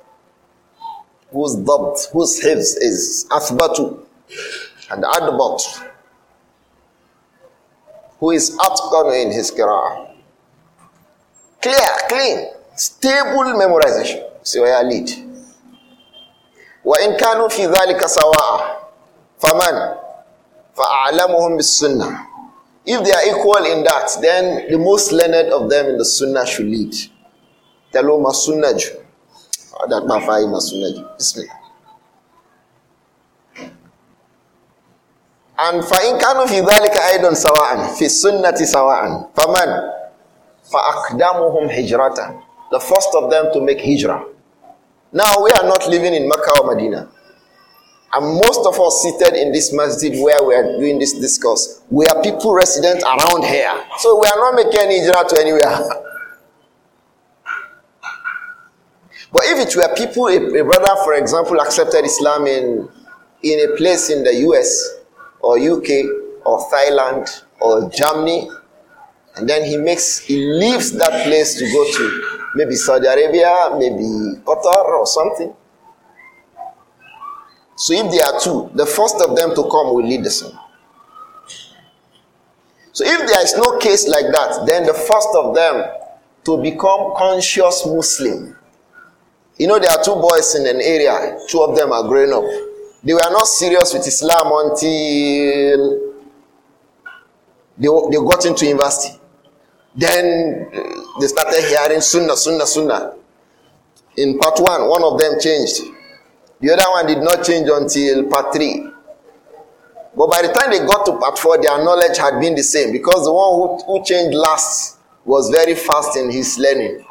whose dabt, whose hifz is athbatu and adbat, who is atqan in his kira'ah. Clear, clean, stable memorization. See where I lead. وإن كانوا في ذلك سواء فمن فأعلمهم بالسنة If they are equal in that, then the most learned of them in the sunnah should lead. Tell Talo Sunnah. That mafai Sunnah. Bismillah. And in فإن كانوا في ذلك أيضا سواء في السنة سواء فمن akdamuhum هجرة the first of them to make hijrah Now, we are not living in Mecca or Medina. And most of us seated in this masjid where we are doing this discourse, we are people resident around here. So we are not making any hijrah to anywhere. but if it were people, a, a brother, for example, accepted Islam in, in a place in the US or UK or Thailand or Germany and then he makes, he leaves that place to go to maybe Saudi Arabia, maybe Qatar or something. So if there are two, the first of them to come will lead the son. So if there is no case like that, then the first of them to become conscious Muslim. You know, there are two boys in an area, two of them are growing up. They were not serious with Islam until they, they got into university. Then uh, they started hearing Sunnah, Sunnah, Sunnah. In part one, one of them changed. The other one did not change until part three. But by the time they got to part four, their knowledge had been the same because the one who, who changed last was very fast in his learning.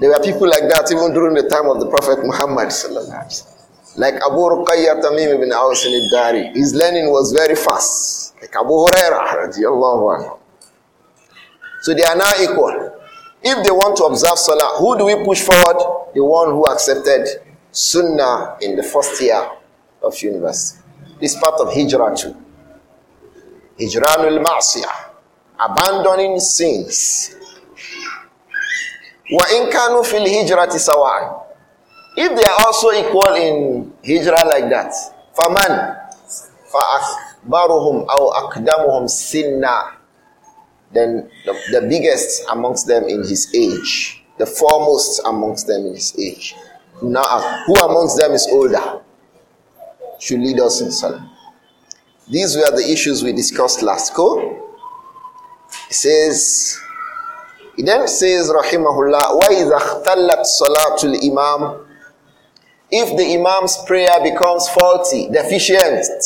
There were people like that even during the time of the Prophet Muhammad. Like Abu Ruqayyah Tamim ibn Aws al-Dari. His learning was very fast. Like Abu Hurairah radiallahu anhu. So they are now equal. If they want to observe Salah, who do we push forward? The one who accepted Sunnah in the first year of university. This part of Hijrah too. Hijranul Ma'siyah. Abandoning sins. Wa inkanu fil hijrati sawa'an. If they are also equal in hijrah like that, faman fa akbaruhum aw akdamuhum sinna then the, the biggest amongst them in his age, the foremost amongst them in his age. Now, who amongst them is older should lead us in salah. These were the issues we discussed last. Go. He says, "He then says, Rahimahullah, Salah' to the Imam If the imam's prayer becomes faulty, deficient,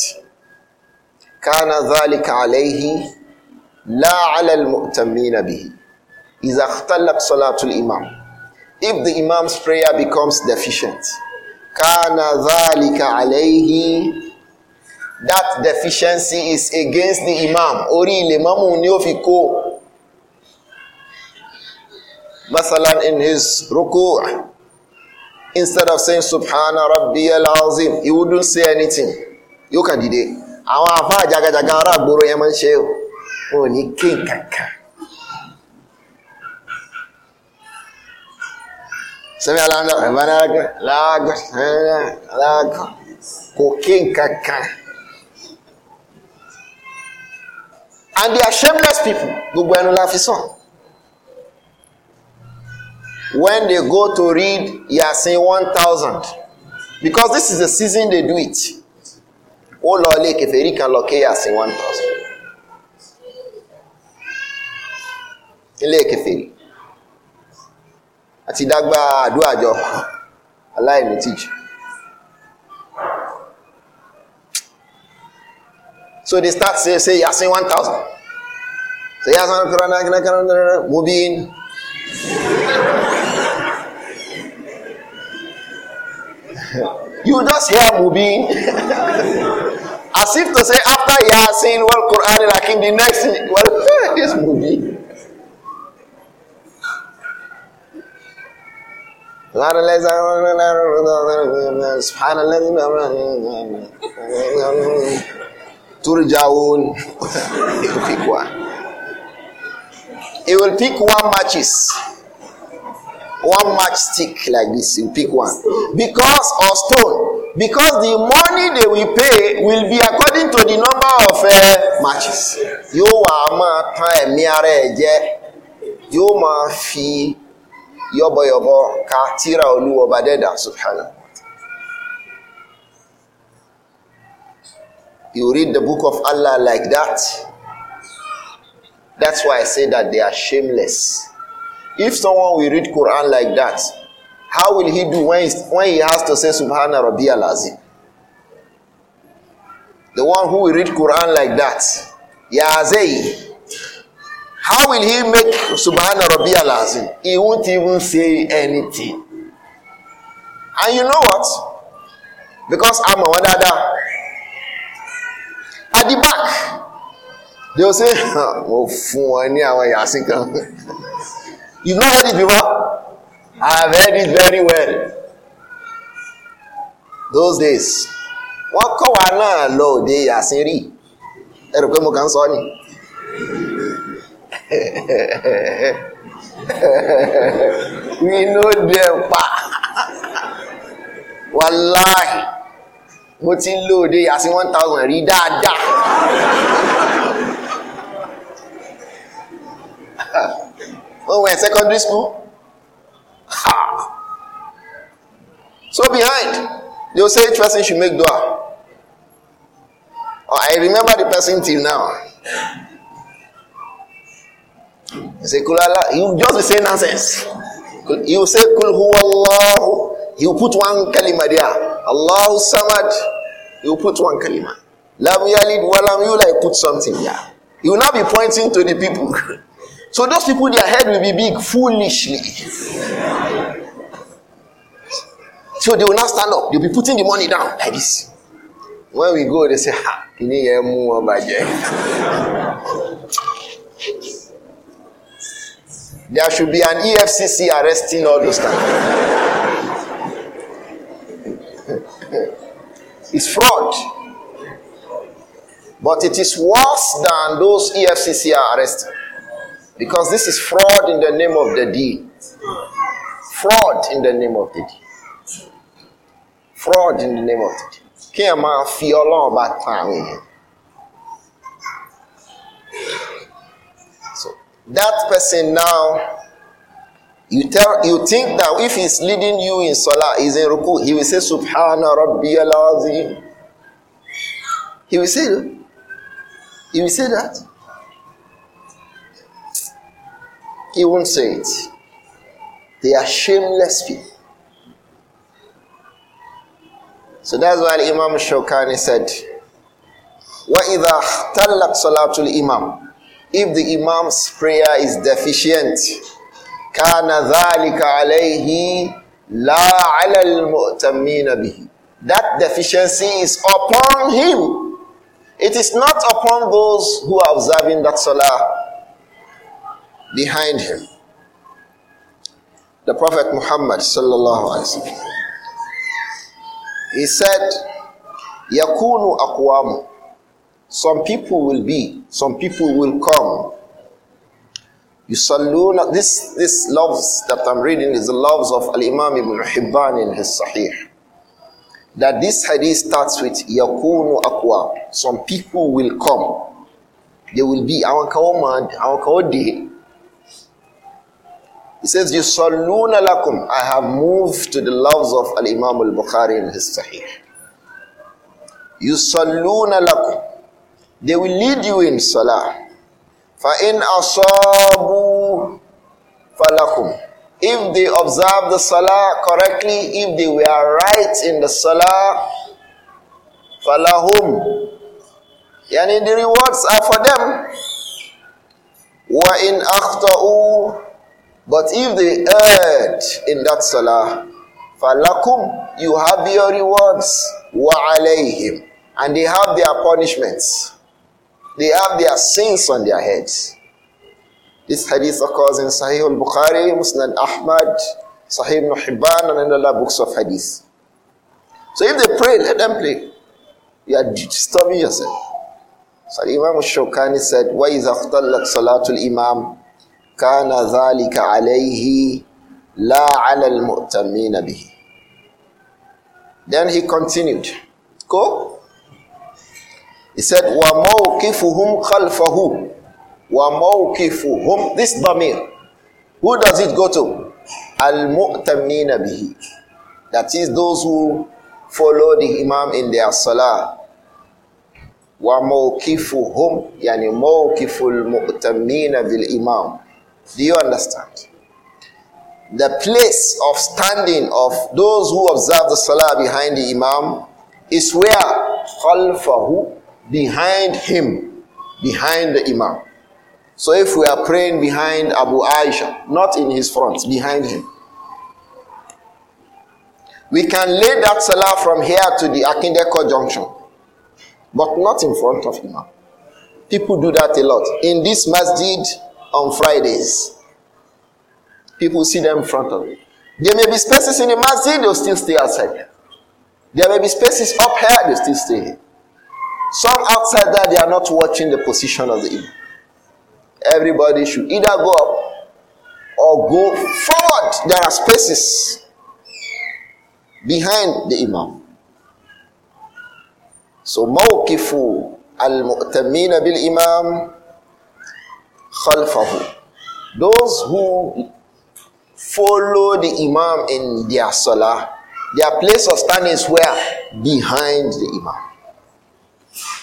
Kana ذَلِكَ alayhi." لا على al به إذا idha صلاة الإمام. if the imam's prayer becomes deficient كان ذلك عليه. that deficiency is against the imam orí ilé mamu ni ó fi kó مثلا in his ruku' instead of saying subhana rabbiyal azim he wouldn't say anything yóò kàn dìde àwọn àfa àjàgàjàgà ará àgbòrò yẹn máa ń ṣe o ò ní gé kankan. sẹ́mi aláǹdà ìbánáàgọ́ láàgọ́ láàgọ́ kò gé kankan. and they are shameless people gbogbo ẹnu la fi sàn. when they go to read yasin one thousand because this is the season they do it ó lọ ilé kẹfẹ́ rí kan lọ ké yasin one thousand. ilé kèfèrí àti dágbà àdúrà jọ aláìní tìjú so they start say say yasin one thousand say yasin one thousand mubin you just hear mubin as if to say after yasin well quran like in the next well this mubin. غير الذي he will pick one he will pick one matches one match stick like this he will pick one because of stone because the money they will pay will be according to the number of uh, matches yóò wá máa tán ẹ̀mí ara ẹ̀ jẹ́ yóò máa fi yọ́bọ̀yọ̀bọ̀ ka tíra olúwọ̀ bá dẹ́dà subhanahu wa ta'ala you read the book of Allah like that that's why I say that they are shameless if someone will read Quran like that how will he do when, when he has to say subhana rabbiyal azim the one who will read Quran like that yazay How will he make Subhana Rabbi Al Azim? He won't even say anything. And you know what? Because I'm a wadada. At the back, they will say, Oh, funny, You've not heard it before? I've heard it very well. Those days, what kọ́ wa náà lord òde àsínrí. Ẹ rò pé mo kàn ń sọ we no dem pa wàláì mo ti ń lóde yàtí one thousand rí dáadáa. wọ́n wẹ̀ secondary school ha. so behind they say each person should make dua oh, I remember the person till now. You say just be saying nonsense. You say kul He you put one kalima there. Allahu samad, you put one kalima. Lam yalid walam yula, you put something there. You will not be pointing to the people. So those people, their head will be big foolishly. So they will not stand up. They'll be putting the money down like this. When we go, they say, Ha, need ye mu obaje. There should be an EFCC arresting all those times. it's fraud. But it is worse than those EFCC are arresting. Because this is fraud in the name of the deed. Fraud in the name of the deed. Fraud in the name of the deed. Kiyama fi ọlọ́run bá àwọn that person now you tell you think that if he's leading you in salah, he's in ruku, he will say Subhana Rabbi Azim. He will say that. He will say that. He won't say it. They are shameless people. So that's why Imam Shawkani said, وَإِذَا اخْتَلَّتْ صَلَاةُ Imam if the imam's prayer is deficient kana dhalika alayhi la ala al-mu'tamina bihi that deficiency is upon him it is not upon those who are observing that salah behind him the prophet muhammad sallallahu alaihi wasallam he said yakunu aqwam some people will be some people will come. You saloon. this, this loves that I'm reading is the loves of Al-Imam Ibn Hibban in his Sahih. That this hadith starts with Yakunu Akwa. Some people will come. They will be our kawmad, our kawdi. He says, You saloon alakum. I have moved to the loves of Al-Imam Al-Bukhari in his Sahih. You saloon alakum. They will lead you in salah. فَإِنْ أَصَابُوا فَلَكُمْ If they observe the salah correctly, if they were right in the salah, فَلَهُمْ Yani the rewards are for them. وَإِنْ أَخْطَأُوا But if they erred in that salah, فَلَكُمْ You have your rewards. وَعَلَيْهِمْ And they have their punishments. They have their sins on their heads. This hadith occurs in Sahih al-Bukhari, Muslim Ahmad, Sahih ibn Hibban, and other books of hadith. So if they pray, let them pray. You are disturbing yourself. So Imam Shokani said, وَإِذَا اخْتَلَّتْ صَلَاتُ الْإِمَامِ كَانَ ذَلِكَ عَلَيْهِ لَا عَلَى الْمُؤْتَمِينَ بِهِ Then he continued, Go He said, Wa mawqifuhum khalfahu. Wa mawqifuhum. This damir. Who does it go to? Al mu'tamina bihi. That is those who follow the Imam in their salah. Wa mawqifuhum. Yani mawqiful mu'tamina bil Imam. Do you understand? The place of standing of those who observe the salah behind the Imam is where? Khalfahu behind him, behind the Imam. So if we are praying behind Abu Aisha, not in his front, behind him. We can lay that salah from here to the Akindeko junction, but not in front of Imam. People do that a lot. In this masjid on Fridays, people see them in front of it. There may be spaces in the masjid, they'll still stay outside. There may be spaces up here, they still stay here. Some outside that they are not watching the position of the imam. Everybody should either go up or go forward. There are spaces behind the imam. So mawkifu al-mu'tamina bil imam khalfahu. Those who follow the imam in their salah, their place of standing is where? Behind the imam.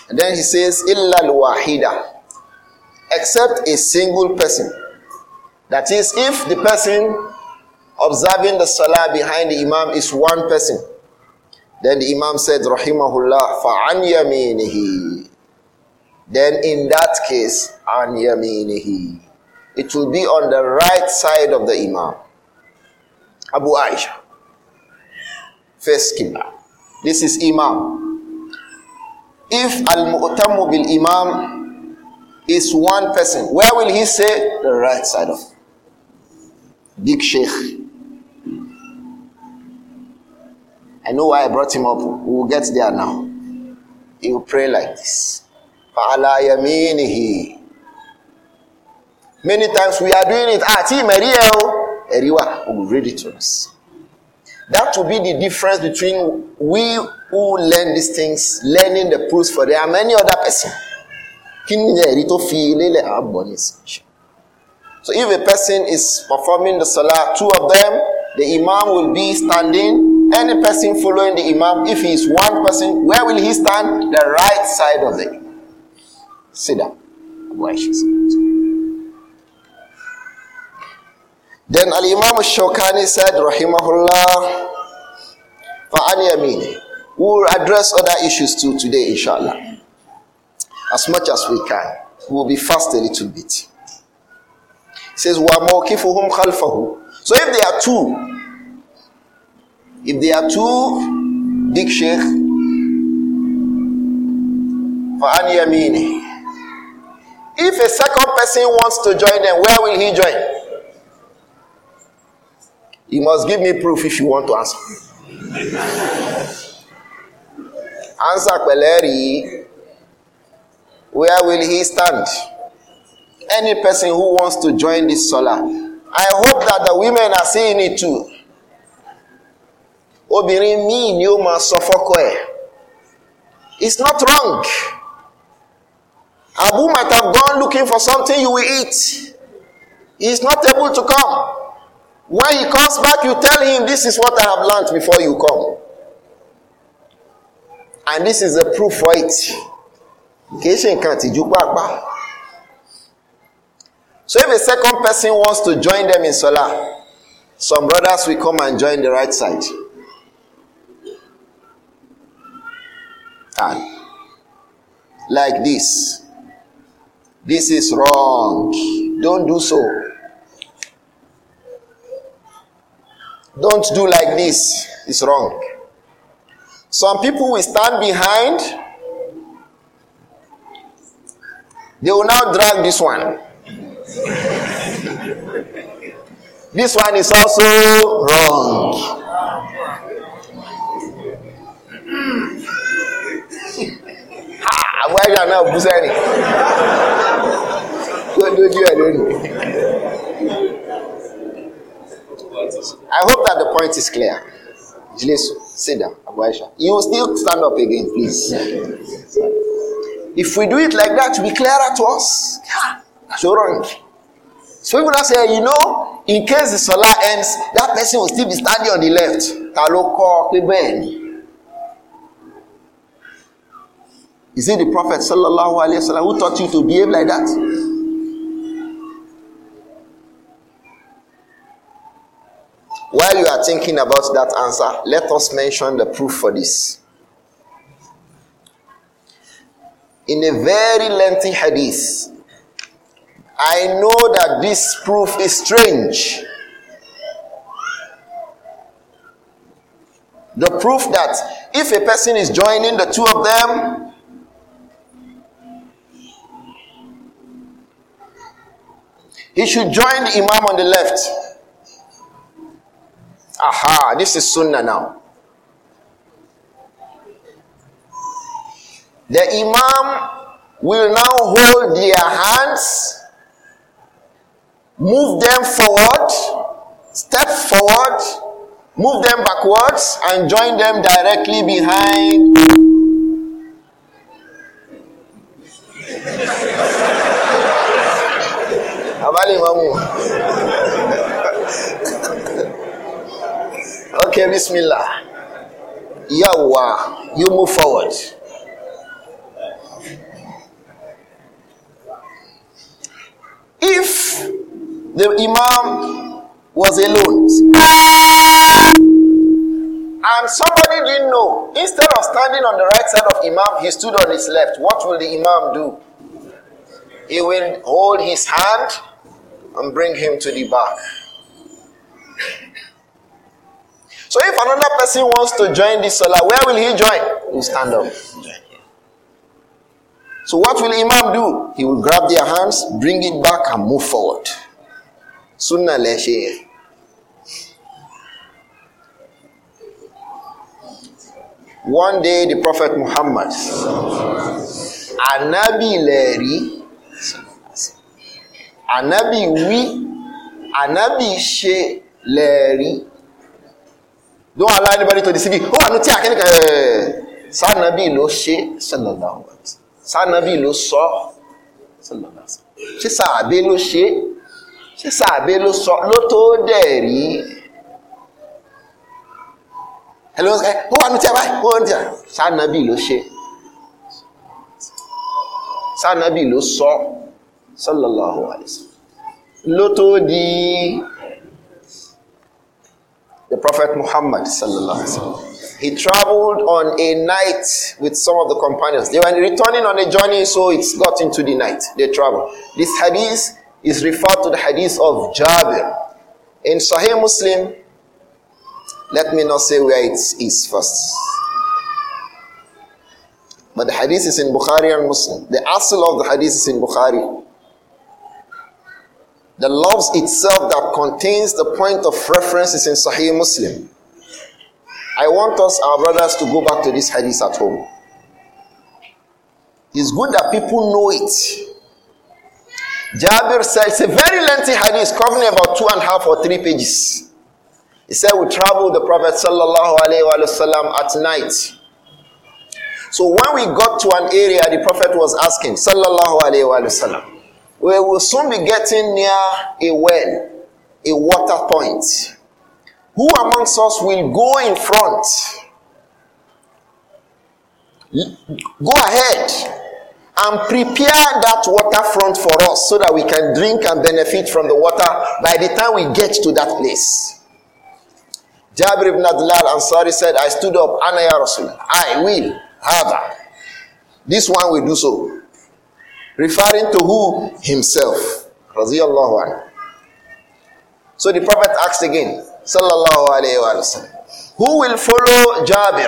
And then he says, Illa wahida except a single person. That is, if the person observing the salah behind the imam is one person, then the imam said, Rahimahullah, fa'an yaminihi. Then in that case, an yaminihi. It will be on the right side of the imam. Abu Aisha. First Qibla. This is imam. If al-mu'tamu bil imam is one person, where will he say? The right side of Big Sheikh. I know why I brought him up. We will get there now. He will pray like this. Many times we are doing it. Ah, ti meriye Eriwa. We will read it to us. That will be the difference between we who learn these things, learning the proofs for them, and any other person. So if a person is performing the salah, two of them, the imam will be standing. Any person following the imam, if he is one person, where will he stand? The right side of the. Sit down. Why Then Al Imam Shokani said, Rahimahullah, Fa'ani Amini. We'll address other issues too today, inshallah. As much as we can. We'll be fast a little bit. He says, Wa khalfahu. So if there are two, if there are two big sheikh, Fa'ani Amini. If a second person wants to join them, where will he join? You must give me proof if you want to answer. answer Peleri. Where will he stand? Any person who wants to join this solar. I hope that the women are seeing it too. Obìnrin míì ni ó máa sọ fọ́kọ ẹ̀. It's not wrong. Abu might have gone looking for something you will eat. He is not able to come. When he comes back, you tell him, This is what I have learned before you come. And this is the proof for it. So if a second person wants to join them in Salah, some brothers will come and join the right side. And like this. This is wrong. Don't do so. Don't do like this. It's wrong. Some people will stand behind. They will now drag this one. this one is also wrong. Ha! Ah, why are you not busy? Don't do it, don't do it. I hope that the point is clear. Jilesu, sit down, Abu Aisha. You will still stand up again, please. If we do it like that, it will be clearer to us. Yeah, So wrong. So people now say, you know, in case the solar ends, that person will still be standing on the left. Taloko Is it the Prophet sallallahu alaihi wasallam who taught you to behave like that? While you are thinking about that answer, let us mention the proof for this. In a very lengthy hadith, I know that this proof is strange. The proof that if a person is joining the two of them, he should join the Imam on the left. Aha, this is Sunnah now. The Imam will now hold their hands, move them forward, step forward, move them backwards, and join them directly behind. Abali Mamu. Okay, Bismillah. Yahweh, you move forward. If the Imam was alone and somebody didn't know, instead of standing on the right side of Imam, he stood on his left, what will the Imam do? He will hold his hand and bring him to the back. So if another person wants to join this salah, where will he join? He'll stand up. So what will Imam do? He will grab their hands, bring it back, and move forward. Sunnah le sheikh. One day the Prophet Muhammad, Anabi lẹ́rí, Anabi wí, Anabi ṣe lẹ́rí don't allow anybody to deceive you ó wà ní tí akẹ́nìkan ẹ̀ẹ́ eh, sanabi ló ṣe sallallahu alaihi sanabi ló sọ sallallahu alaihi ṣé sàbẹ ló ṣe ṣé sàbẹ ló sọ ló tó dẹ̀ rí ẹ ló ẹ ó wà ní tí a báyìí wọ́n ti à sanabi ló ṣe sanabi ló sọ sallallahu alaihi ló tó di. the Prophet Muhammad. He traveled on a night with some of the companions. They were returning on a journey, so it's got into the night. They traveled. This hadith is referred to the hadith of Jabir. In Sahih Muslim, let me not say where it is first. But the hadith is in Bukhari and Muslim. The asl of the hadith is in Bukhari. The loves itself that contains the point of reference is in Sahih Muslim. I want us, our brothers, to go back to this hadith at home. It's good that people know it. Jabir said it's a very lengthy hadith covering about two and a half or three pages. He said we traveled the Prophet sallallahu alaihi wasallam at night. So when we got to an area, the Prophet was asking sallallahu alaihi wasallam, we will soon be getting near a well, a water point. Who amongst us will go in front? Go ahead and prepare that waterfront for us so that we can drink and benefit from the water by the time we get to that place. Jabir ibn Adlal Ansari said, I stood up, Anaya Rasul, I will, However, This one will do so. referring to who? Himself. Radiallahu So the Prophet asked again, Sallallahu alayhi wasallam, Who will follow Jabir?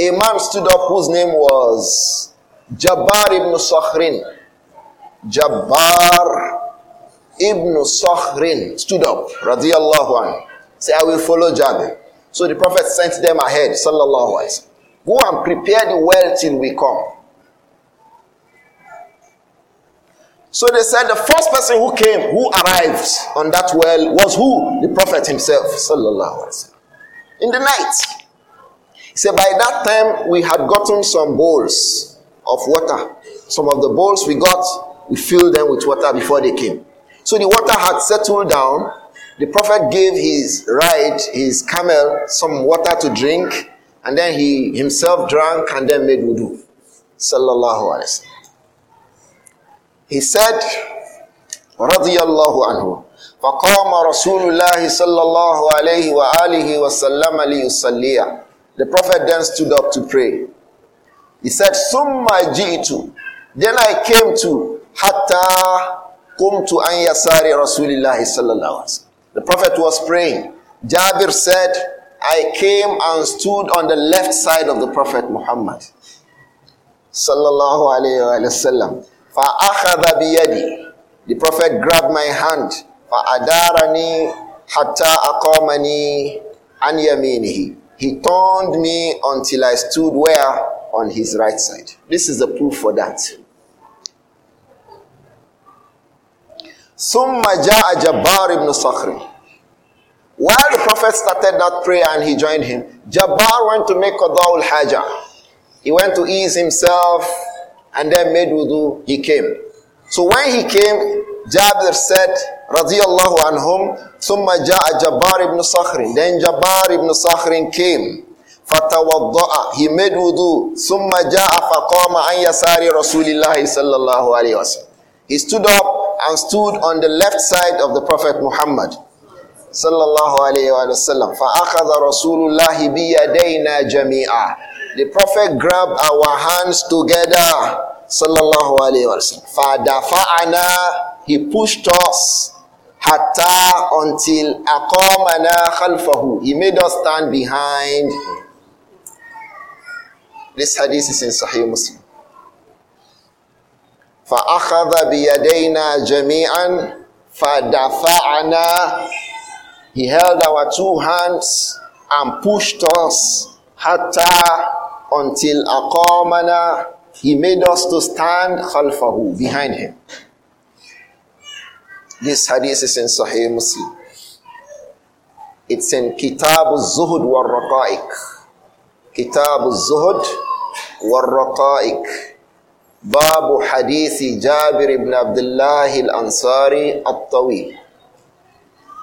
A man stood up whose name was Jabbar ibn Sakhrin. Jabbar ibn Sakhrin stood up, radiallahu Say, I will follow Jabir. So the Prophet sent them ahead, sallallahu alayhi wasallam. Go and prepare the well till we come. So they said the first person who came, who arrived on that well, was who? The Prophet himself. In the night. He said, By that time, we had gotten some bowls of water. Some of the bowls we got, we filled them with water before they came. So the water had settled down. The Prophet gave his ride, his camel, some water to drink, and then he himself drank and then made wudu. Sallallahu alayhi wa sallam. He said, رضي الله عنه فقام رسول الله صلى الله عليه وآله وسلم ليصليا. The Prophet then stood up to pray. He said, ثم جئت Then I came to حتى قمت أن يسار رسول الله صلى الله عليه وسلم The Prophet was praying. Jabir said, I came and stood on the left side of the Prophet Muhammad sallallahu alayhi wa sallam. فَأَخَذَ بِيَدِي The Prophet grabbed my hand. فَأَدَارَنِي حَتَّى أَقَامَنِي عَنْ يَمِينِهِ He turned me until I stood where? On his right side. This is the proof for that. ثُمَّ جَاءَ جَبَّارِ ibn صَخْرٍ While the Prophet started that prayer and he joined him, Jabbar went to make Qadha al-Hajjah. He went to ease himself and then made wudu, he came. So when he came, Jabir said, radiyallahu anhum, ثم جاء Jabbar ibn Sakhrin. Then Jabbar ibn Sakhrin came. فتوضأ he made wudu ثم جاء فقام عن يسار رسول الله صلى الله عليه وسلم he stood up and stood on the left side of the prophet Muhammad صلى الله عليه وسلم فأخذ رسول الله بيدينا جميعا the Prophet grabbed our hands together. Sallallahu alayhi wa sallam. He pushed us. Hatta until aqamana khalfahu. He made us stand behind This hadith is in Sahih Muslim. فأخذ بيدينا جميعا فدفعنا He held our two hands and pushed us حتى until aqamana he made us to stand khalfahu behind him this hadith is in sahih muslim it's in kitab az-zuhd war-raqa'iq kitab az wa war-raqa'iq باب حديث جابر بن عبد الله الأنصاري الطويل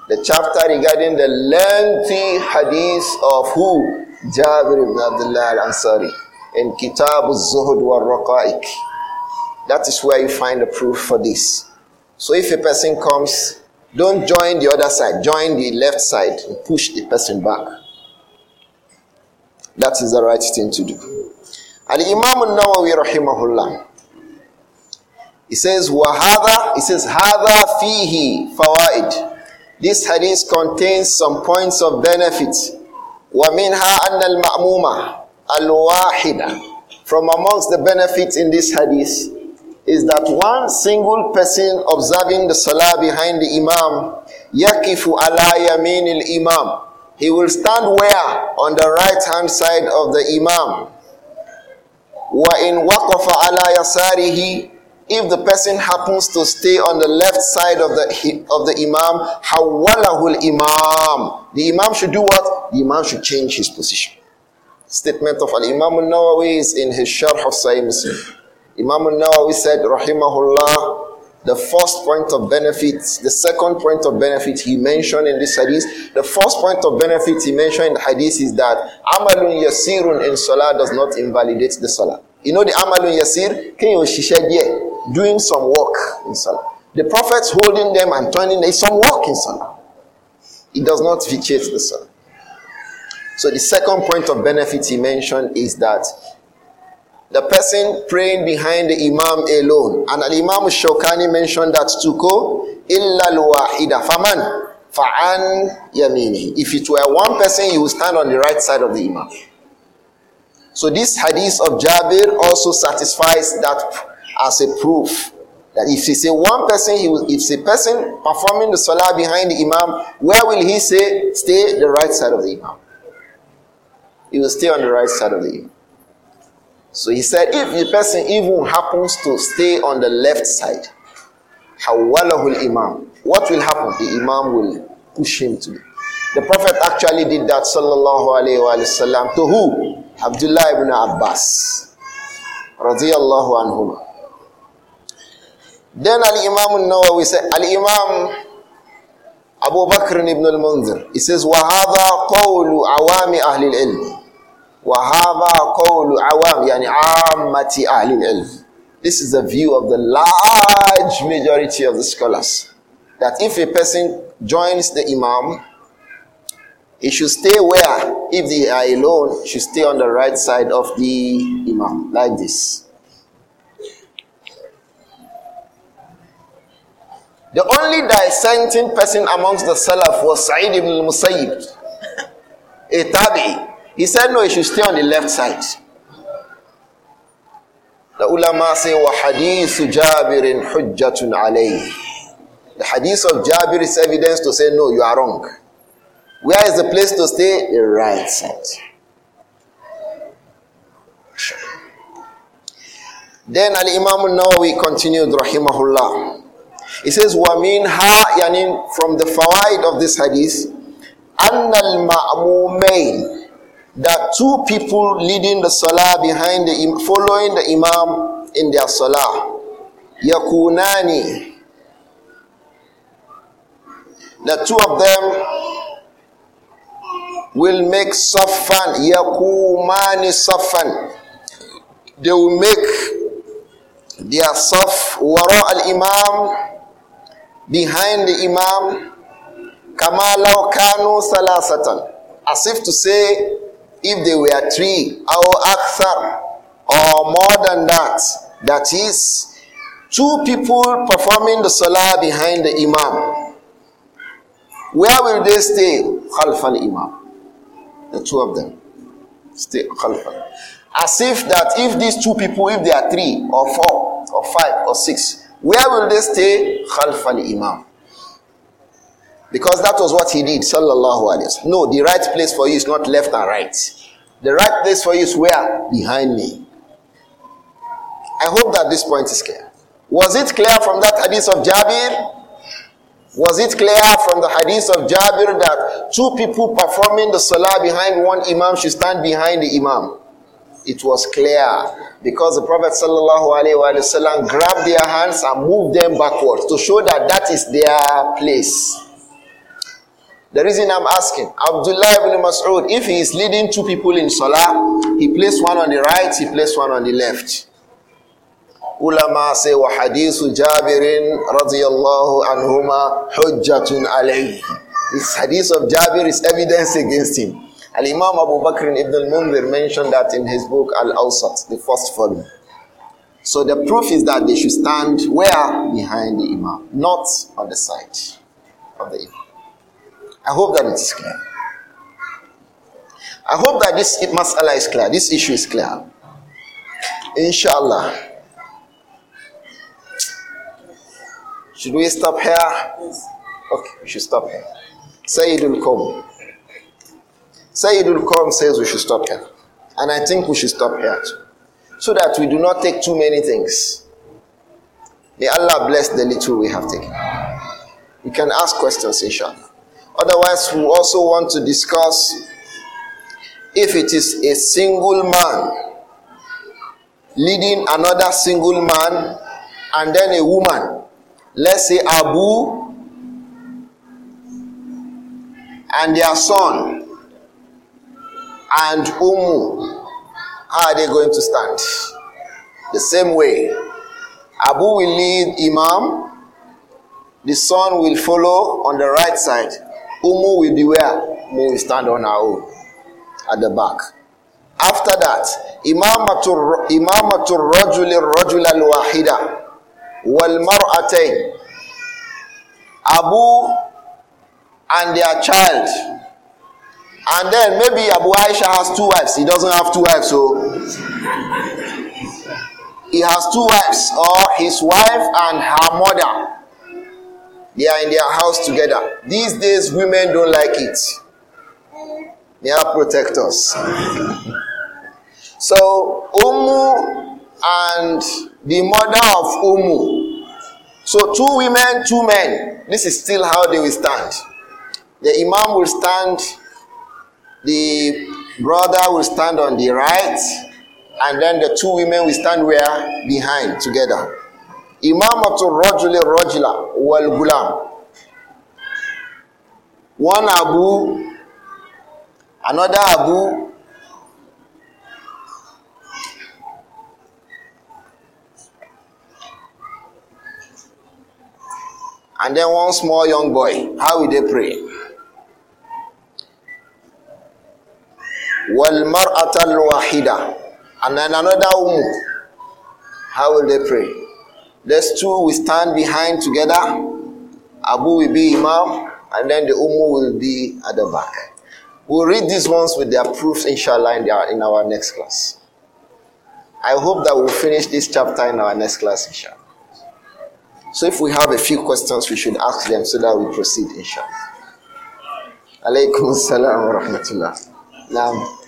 The chapter regarding the lengthy hadith of who? Jabir ibn Abdullah al-Ansari in Kitab al-Zuhud wal-Raqa'iq. is where you find the proof for this. So if a person comes, don't join the other side, join the left side and push the person back. That is the right thing to do. And Imam al-Nawawi rahimahullah, he says, وَهَذَا He says, "Hada fihi fawaid." This hadith contains some points of benefit. وَمِنْهَا أَنَّ الْمَأْمُومَةَ الْوَاحِدَةَ From amongst the benefits in this hadith is that one single person observing the salah behind the imam, يَكِفُ عَلَى يَمِينِ الْإِمَامِ He will stand where? On the right hand side of the imam. وَإِنْ وَقَفَ عَلَى يَسَارِهِ if the person happens to stay on the left side of the of the imam, hawalahul imam. The imam should do what? The imam should change his position. Statement of Al Imam Al Nawawi is in his Sharh of Sahih Muslim. Imam Al Nawawi said, rahimahullah. The first point of benefit, the second point of benefit he mentioned in this hadith, the first point of benefit he mentioned in the hadith is that amalun yasirun in salah does not invalidate the salah. You know the Amalun Yasir? Kenyon Shishadie, doing some work in Salah. The prophets holding them and turning them, some work in Salah. It does not vitiate the Salah. So the second point of benefit he mentioned is that the person praying behind the Imam alone, and Imam Shokani mentioned that to ko illa al faman fa'an yamini. If it were one person, he would stand on the right side of the Imam. So this hadith of Jabir also satisfies that as a proof that if he say one person, he will, if a person performing the salah behind the imam, where will he say stay the right side of the imam? He will stay on the right side of the imam. So he said, if the person even happens to stay on the left side, hawalahul imam, what will happen? The imam will push him to the the Prophet actually did that, sallallahu alayhi wa sallam, to who? Abdullah ibn Abbas, radiyallahu anhuma. Then Al-Imam al-Nawawi said, Al-Imam Abu Bakr ibn al-Munzir, he says, وَهَذَا قَوْلُ عَوَامِ أَهْلِ الْعِلْمِ وَهَذَا قَوْلُ عَوَامِ يعني عَامَّةِ أَهْلِ الْعِلْمِ This is the view of the large majority of the scholars. That if a person joins the Imam, he should stay where? If they are alone, should stay on the right side of the Imam, like this. The only dissenting person amongst the Salaf was Sa'id ibn Musayyid, musayyib a Tabi. He said, no, he should stay on the left side. The ulama say, wa hadithu Jabirin hujjatun alayhi. The hadith of Jabir is evidence to say, no, you are wrong. Where is the place to stay? The right side. Then Al Imam Nawawi continued, Rahimahullah. He says, ha يَعْنِي From the fawaid of this hadith, أَنَّ الْمَأْمُومَيْنِ That two people leading the salah behind the following the imam in their salah, يَكُونَانِ That two of them will make safan, yakumani safan. They will make their saf wara al-imam, behind the imam, kama law kanu salasatan. As if to say, if they were three, or akthar, or more than that, that is, two people performing the salah behind the imam. Where will they stay? Khalfan imam the two of them. Stay khalfa. As if that if these two people, if they are three or four or five or six, where will they stay? Khalfa imam. Because that was what he did, sallallahu alayhi wasallam. No, the right place for you is not left and right. The right place for you is where? Behind me. I hope that this point is clear. Was it clear from that hadith of Jabir? Was it clear from the hadith of Jabir that two people performing the salah behind one imam should stand behind the imam? It was clear because the Prophet wasallam grabbed their hands and moved them backwards to show that that is their place. The reason I'm asking, Abdullah ibn Mas'ud, if he is leading two people in salah, he placed one on the right, he placed one on the left ulama say wa hadithu Jabirin radiyallahu anhuma hujjatun alayhi. This hadith of Jabir is evidence against him. Al Imam Abu Bakr ibn al Munzir mentioned that in his book Al Awsat, the first volume. So the proof is that they should stand where? Behind the Imam, not on the side of the Imam. I hope that it is clear. I hope that this mas'ala is clear, this issue is clear. Inshallah. Should we stop here? Yes. Okay, we should stop here. Sayyidul Qom. Sayyidul Qom says we should stop here. And I think we should stop here too, So that we do not take too many things. May Allah bless the little we have taken. You can ask questions, inshallah. Otherwise, we also want to discuss if it is a single man leading another single man and then a woman let's say Abu and their son and Umu, how are they going to stand? The same way. Abu will lead Imam, the son will follow on the right side. Umu will be where? Umu will stand on her own at the back. After that, Imam Atur Rajul Rajul Al Wahida. والمرأتين Abu and their child and then maybe Abu Aisha has two wives he doesn't have two wives so he has two wives or his wife and her mother they are in their house together these days women don't like it they are protectors so Umu and the mother of Umu. So two women, two men. This is still how they will stand. The Imam will stand, the brother will stand on the right, and then the two women will stand where? Behind, together. Imamatu Rajuli Rajula Wal Gulam. One Abu, another Abu, and then one small young boy. How will they pray? وَالْمَرْأَةَ الْوَحِدَةَ And then another woman. How will they pray? These two will stand behind together. Abu will be Imam, and then the Umu will be at the back. We'll read these ones with their proofs, inshallah, in, their, in our next class. I hope that we'll finish this chapter in our next class, inshallah. So if we have a few questions, we should ask them so that we proceed, inshallah. Alaykum assalam wa rahmatullah. Now,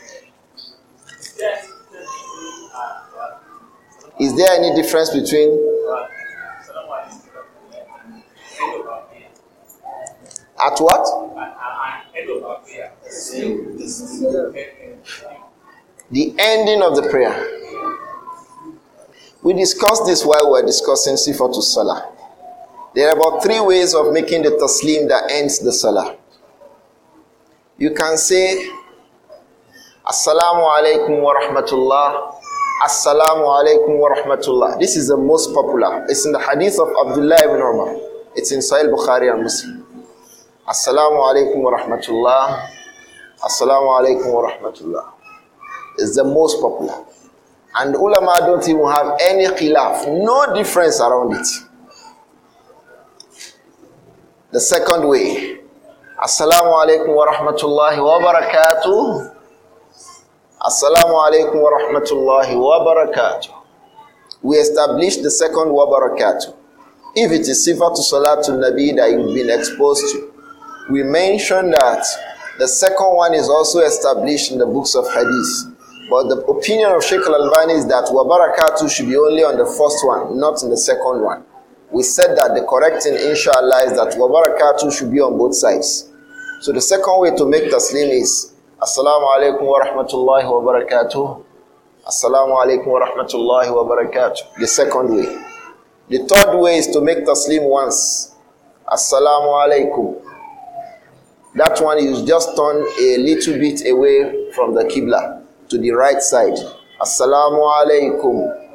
is there any difference between at what? The ending of the prayer. We discussed this while we were discussing Sifatul Salah. There are about three ways of making the taslim that ends the salah. You can say, Assalamu alaikum wa rahmatullah. Assalamu alaikum wa rahmatullah. This is the most popular. It's in the hadith of Abdullah ibn Umar. It's in Sahih Bukhari and Muslim. Assalamu alaikum wa rahmatullah. Assalamu alaikum wa rahmatullah. It's the most popular. And ulama don't even have any khilaf, no difference around it. The second way. Assalamu alaikum wa rahmatullahi wa barakatuh. Assalamu alaikum wa rahmatullahi wa barakatuh. We established the second wa barakatuh. If it is sifatu salatul nabi that you've been exposed to, we mentioned that the second one is also established in the books of hadith. But the opinion of Sheikh Al-Albani is that wa barakatuh should be only on the first one, not in the second one we said that the correct thing, inshallah, is that wabarakatuh should be on both sides. So the second way to make taslim is Assalamu alaikum wa rahmatullahi wa barakatuh. Assalamu alaikum wa rahmatullahi wa barakatuh. The second way. The third way is to make taslim once. Assalamu alaikum. That one is just turn a little bit away from the Qibla to the right side. Assalamu alaikum.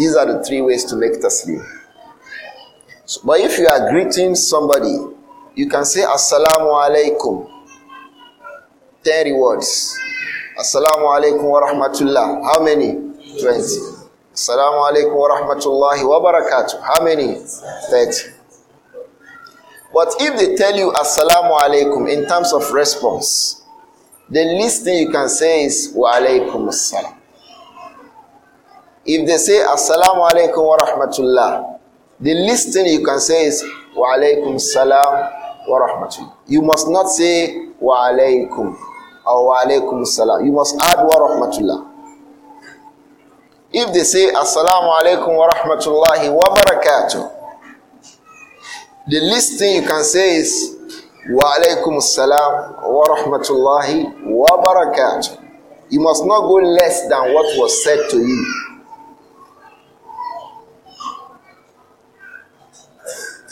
These are the three ways to make taslim. So, but if you are greeting somebody, you can say Assalamu alaikum. Ten rewards. Assalamu alaikum wa rahmatullah. How many? Twenty. Assalamu alaikum wa rahmatullahi wa barakatuh. How many? Thirty. But if they tell you Assalamu alaikum in terms of response, the least thing you can say is Wa alaikum assalam. If they say Assalamu alaikum wa rahmatullah, the least thing you can say is Wa alaikum salam wa rahmatullah. You must not say Wa alaikum or Wa alaikum salam. You must add Wa rahmatullah. If they say Assalamu alaikum wa rahmatullahi wa barakatuh, the least thing you can say is Wa alaikum salam wa rahmatullahi wa barakatuh. You must not go less than what was said to you.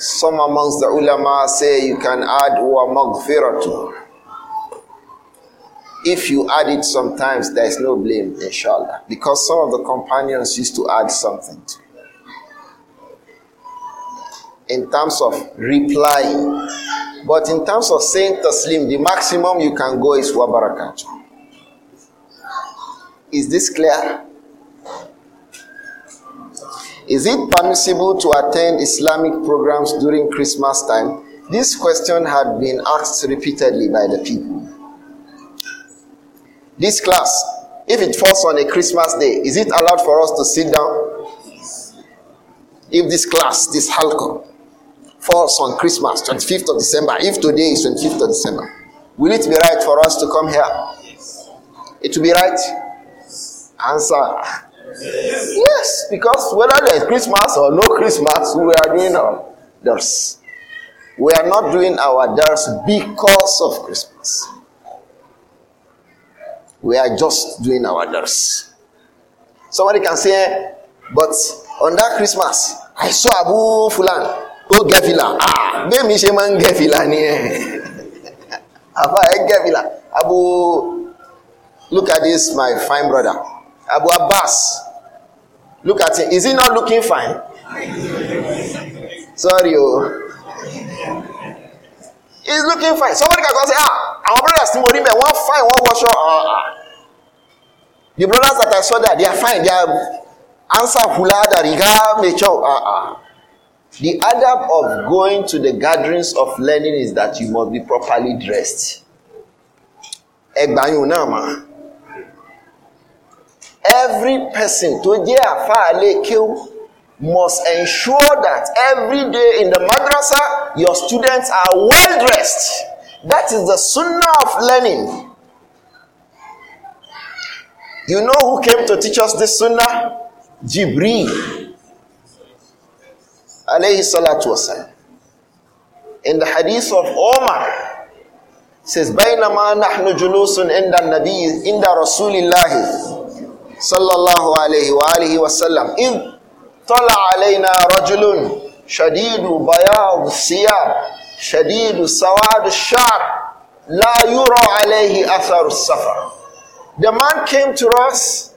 Some amongst the ulama say you can add wa maghfiratu. If you add it sometimes, there is no blame, inshallah. Because some of the companions used to add something to in terms of replying. But in terms of saying taslim, the maximum you can go is wa barakatuh. Is this clear? Is it permissible to attend Islamic programs during Christmas time? This question had been asked repeatedly by the people. This class, if it falls on a Christmas day, is it allowed for us to sit down? If this class, this halqa, falls on Christmas, 25th of December, if today is 25th of December, will it be right for us to come here? It will be right. Answer. Yes. because whether there is Christmas or no Christmas, we are doing our dars. We are not doing our dars because of Christmas. We are just doing our dars. Somebody can say, but on that Christmas, I saw Abu Fulan. Ó gavila. Ah, Bẹ́ẹ̀mi ṣe máa ń gẹ fìlà Abu, look at this my fine brother. Abu Abbas. Look at him. Is he not looking fine? Sorry, oh. He's looking fine. Somebody can go and say, ah, our brothers still worry One fine, one wash up. Ah, The brothers that I saw there, they are fine. They are answer hula dariga mecho. Ah, ah. The adab of going to the gatherings of learning is that you must be properly dressed. Ẹgbàáyùn na ma every person tó jẹ́ àfáàlẹ́ kéwú must ensure that every day in the madrasa your students are well dressed that is the sunnah of learning you know who came to teach us this sunnah jibril alayhi salatu wasalam in the hadith of omar says bainama nahnu julusun inda nabi, inda rasulillahi صلى الله عليه وآله وسلم إذ طلع علينا رجل شديد بياض الثياب شديد سواد الشعر لا يرى عليه أثر السفر The man came to us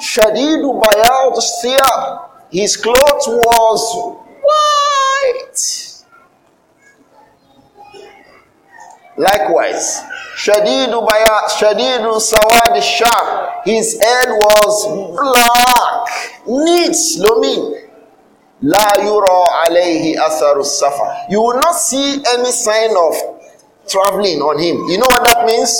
شديد بياض الثياب His clothes was white Likewise, Shadidu Baya Shadidu Sawad Shah, his head was black, neat, lomin. La yuro alehi atharu safar. You will not see any sign of traveling on him. You know what that means?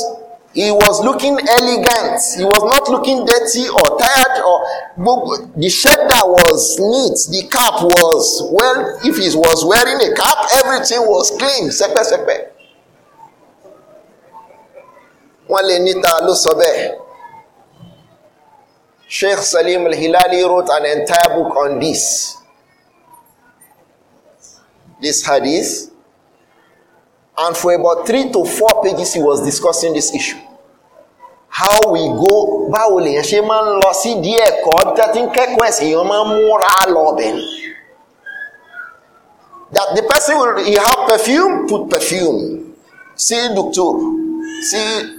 He was looking elegant. He was not looking dirty or tired or the shirt that was neat. The cap was well. If he was wearing a cap, everything was clean. Sepe sepe wọ́n lè níta ló sọ bẹ́ẹ̀ Sheikh Salim al-Hilali wrote an entire book on this this hadith and for about three to four pages he was discussing this issue how we go báwo lèèyàn ṣe máa ń lọ sí díẹ̀ kọ́ tẹ́tí kẹ́kọ̀ọ́ ẹ̀sìn èèyàn máa ń múra lọ that the person will have perfume put perfume see doctor see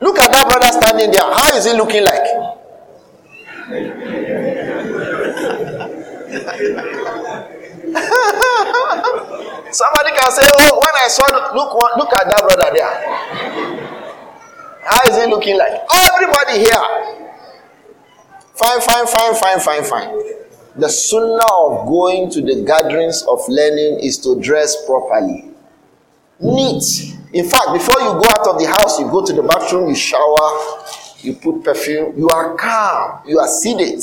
Look at that brother standing there. How is he looking like? Somebody can say, Oh, when I saw, look, look at that brother there. How is he looking like? Everybody here. Fine, fine, fine, fine, fine, fine. The sunnah of going to the gatherings of learning is to dress properly. Neat. In fact, before you go out of the house, you go to the bathroom, you shower, you put perfume, you are calm, you are seated,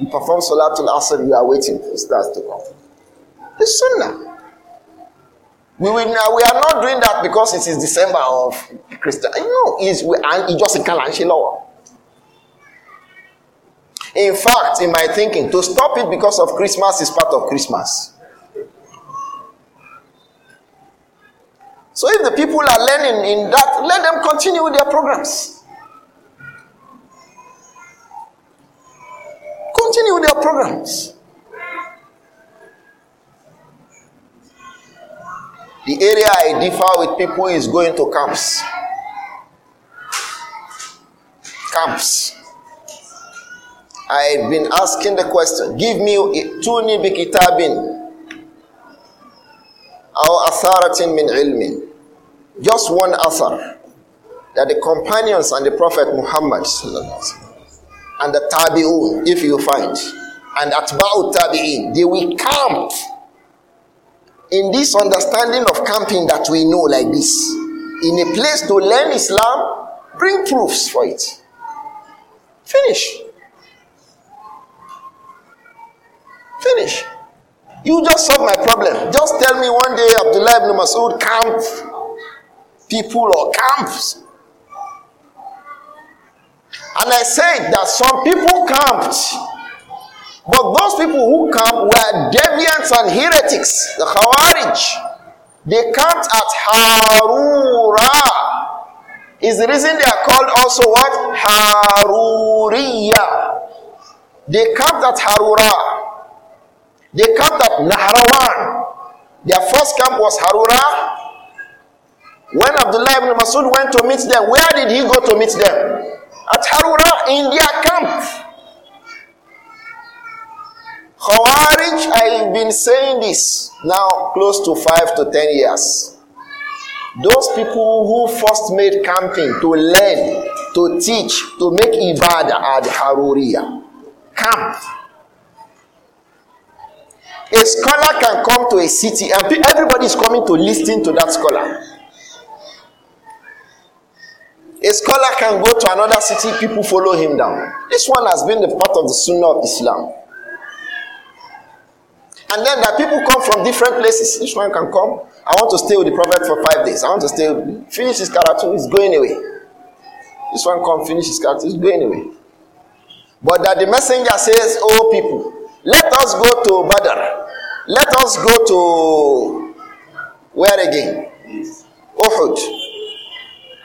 you perform Salatul Asr, you are waiting for stars to come. Listen Sunnah. We, will, we are not doing that because it is December of Christian. No, it's, and it's just a Kalanshi law. In fact, in my thinking, to stop it because of Christmas is part of Christmas. So if the people are learning in that, let them continue with their programs. Continue with their programs. The area I differ with people is going to camps. Camps. I've been asking the question give me tuni bi kitabin aw min ilmin just one author that the companions and the Prophet Muhammad and the Tabi'un, if you find, and Atba'u Tabi'in, they will camp in this understanding of camping that we know like this. In a place to learn Islam, bring proofs for it. Finish. Finish. You just solve my problem. Just tell me one day, Abdullah ibn Masud camped people or camps. And I said that some people camped, but those people who camped were deviants and heretics, the Khawarij. They camped at Harura. Is the reason they are called also what? Haruriya. They camped at Harura. They camped at Nahrawan. Their first camp was Harura. When Abdullah ibn Masud went to meet them, where did he go to meet them? At Harura in their camp. Khawarij, I've been saying this now close to five to ten years. Those people who first made camping to learn, to teach, to make ibadah at Haruriya. Camp. A scholar can come to a city and everybody is coming to listen to that scholar. A scholar can go to another city, people follow him down. This one has been the part of the Sunnah of Islam. And then that people come from different places. Each one can come. I want to stay with the Prophet for five days. I want to stay with Finish his karatu, he's going away. This one come, finish his karatu, he's going away. But that the messenger says, Oh people, let us go to Badr. Let us go to where again? Uhud.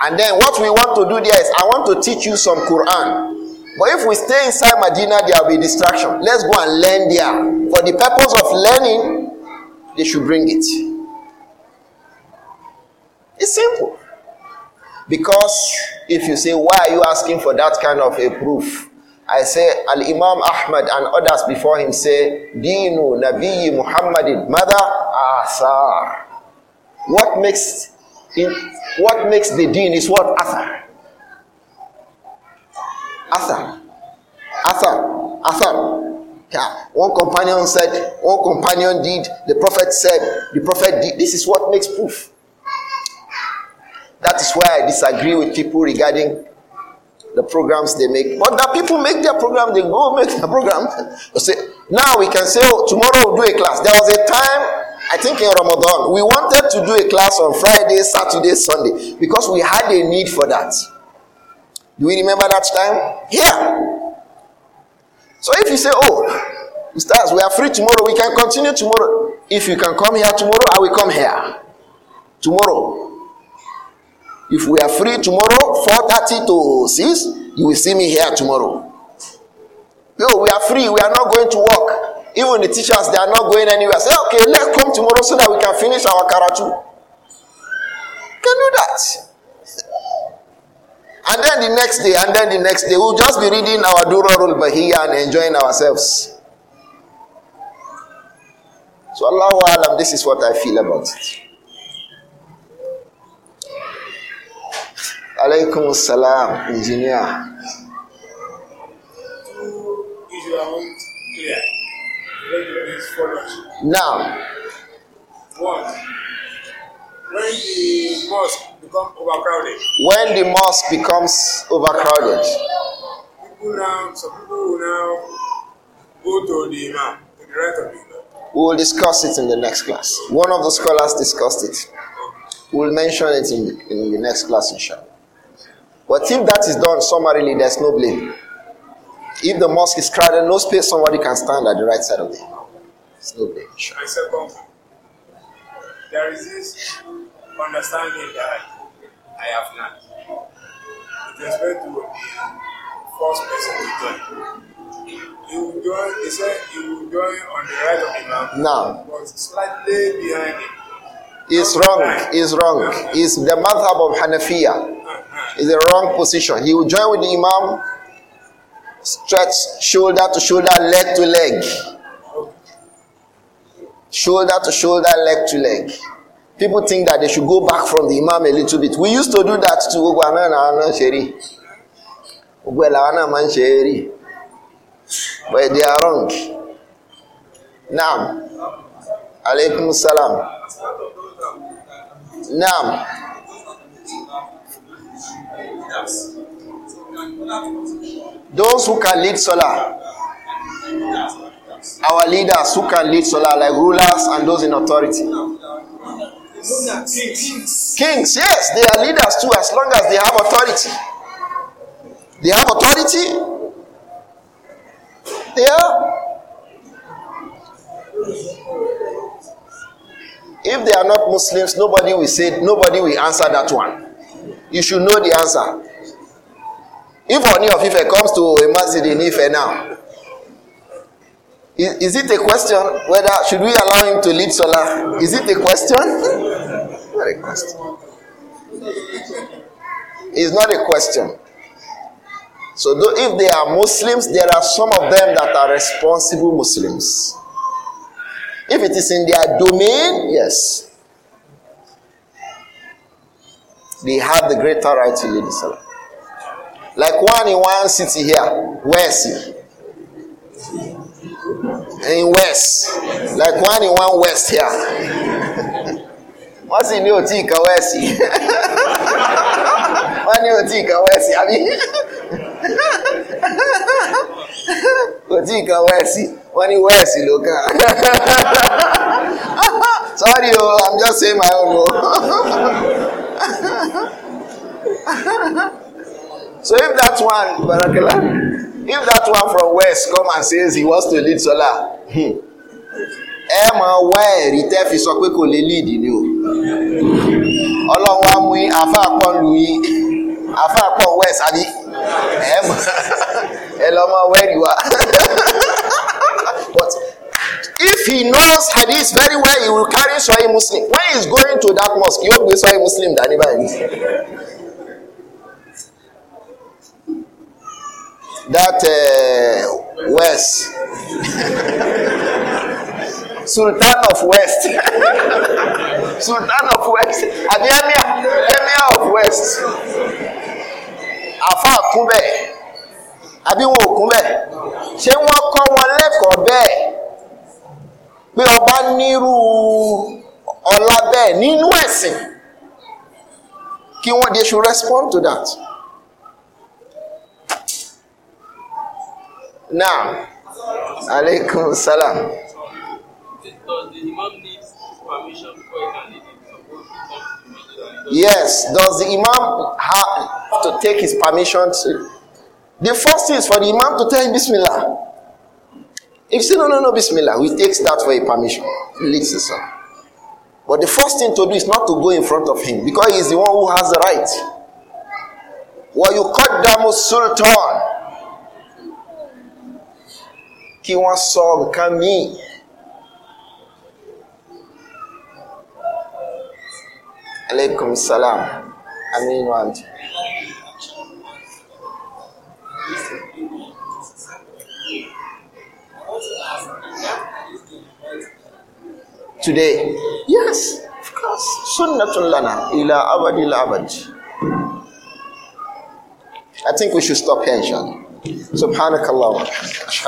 And then what we want to do there is, I want to teach you some Quran. But if we stay inside Medina, there will be distraction. Let's go and learn there. For the purpose of learning, they should bring it. It's simple. Because if you say, why are you asking for that kind of a proof? I say, Al Imam Ahmad and others before him say, Dinu Nabi Muhammadin, Mother Asar. What makes in, what makes the dean is what? Athar. Athar. Athar. Athar. Yeah. One companion said, one companion did, the prophet said, the prophet did. This is what makes proof. That is why I disagree with people regarding the programs they make. But the people make their program, they go make their program. say, now we can say, oh, tomorrow we'll do a class. There was a time I think in Ramadan, we wanted to do a class on Friday, Saturday, Sunday because we had a need for that. Do we remember that time? Yeah. So if you say, oh, Ustaz, we are free tomorrow, we can continue tomorrow. If you can come here tomorrow, I will come here. Tomorrow. If we are free tomorrow, 4.30 to 6, you will see me here tomorrow. No, we are free, we are not going to work. Even the teachers, they are not going anywhere. Say, okay, let's come tomorrow so that we can finish our karatu. Can do that. And then the next day, and then the next day, we'll just be reading our Durarul Bahiyya and enjoying ourselves. So, Allahu Alam, this is what I feel about it. Alaykum salam, engineer. Now, when the mosque becomes overcrowded, when the mosque becomes overcrowded, people now, some people will now go to the imam, to the right of the imam. We will discuss it in the next class. One of the scholars discussed it. We'll mention it in, in the next class, inshallah. But if that is done summarily, there's no blame. If the mosque is crowded, no space, somebody can stand at the right side of the Still big. And second, there is this understanding that I have not. With respect to the first person who joined, he will join, they said You will join on the right of the mountain. Now, but slightly behind him. Is wrong, is wrong, is the madhab of Hanafiya, is the wrong position. He will join with the Imam, stretch shoulder to shoulder, leg to leg. shoulder to shoulder, leg to leg. People think that they should go back from the Imam a little bit. We used to do that to Ogwamena and Sheri. Ogwelana man Sheri. But they are wrong. Naam. Alaykum salam. Naam. Those who can lead Salah our leaders who can lead Salah, like rulers and those in authority. Kings. Kings, yes, they are leaders too, as long as they have authority. They have authority. They are. If they are not Muslims, nobody will say, nobody will answer that one. You should know the answer. If any of Ife comes to a masjid in Ife now, Is, is it a question whether should we allow him to lead Salah? Is it a question? not a question. It's not a question. So though, if they are Muslims, there are some of them that are responsible Muslims. If it is in their domain, yes. They have the greater right to lead Salah. Like one in one city here, where is he? in west like one in one west here wọ́n sì ní òtí ìkan wẹ́ẹ̀sì wọ́n ní òtí ìkan wẹ́ẹ̀sì àbí òtí ìkan wẹ́ẹ̀sì wọ́n ní wẹ́ẹ̀sì ló kàn sorry o oh, i'm just saying my own o. So if that one, Barakallah, if that one from West come and says he wants to lead Salah, hmm, ẹ mọ̀ wá ẹ̀rí fi sọ pé kò lè lead ni o. Ọlọ́run wa mú yín, àáfàá pọ̀ lù West àbí ẹ mọ̀ ẹ lọ mọ̀ wẹ́rì wá. But if he knows hadith very well, he will carry Sahih Muslim. When he is going to that mosque, yóò gbé Sahih Muslim dání báyìí. that uh, West, Sultan of West, Sultan of West, and the Emir, Emir of West, afa kún bẹ́ẹ̀ àbí wọn ò kún bẹ́ẹ̀ ṣé wọ́n kọ́ wọn lẹ́kọ̀ọ́ bẹ́ẹ̀ pé ọba nírú ọlá bẹ́ẹ̀ nínú ẹ̀sìn kí wọ́n they should respond to that. Now, alaikum salam. Yes, does the imam have to take his permission? To, the first thing is for the imam to tell him Bismillah. If you say no, no, no, Bismillah, we takes that for a permission. He leads the son. But the first thing to do is not to go in front of him because he is the one who has the right. Wa yuqaddamu sultan que uma sogra caminhe Aleikum salam. Amém, Wandi. Today, yes, of course, sunnatun lana ila abad ila abad. I think we should stop here, inshallah. Subhanakallah.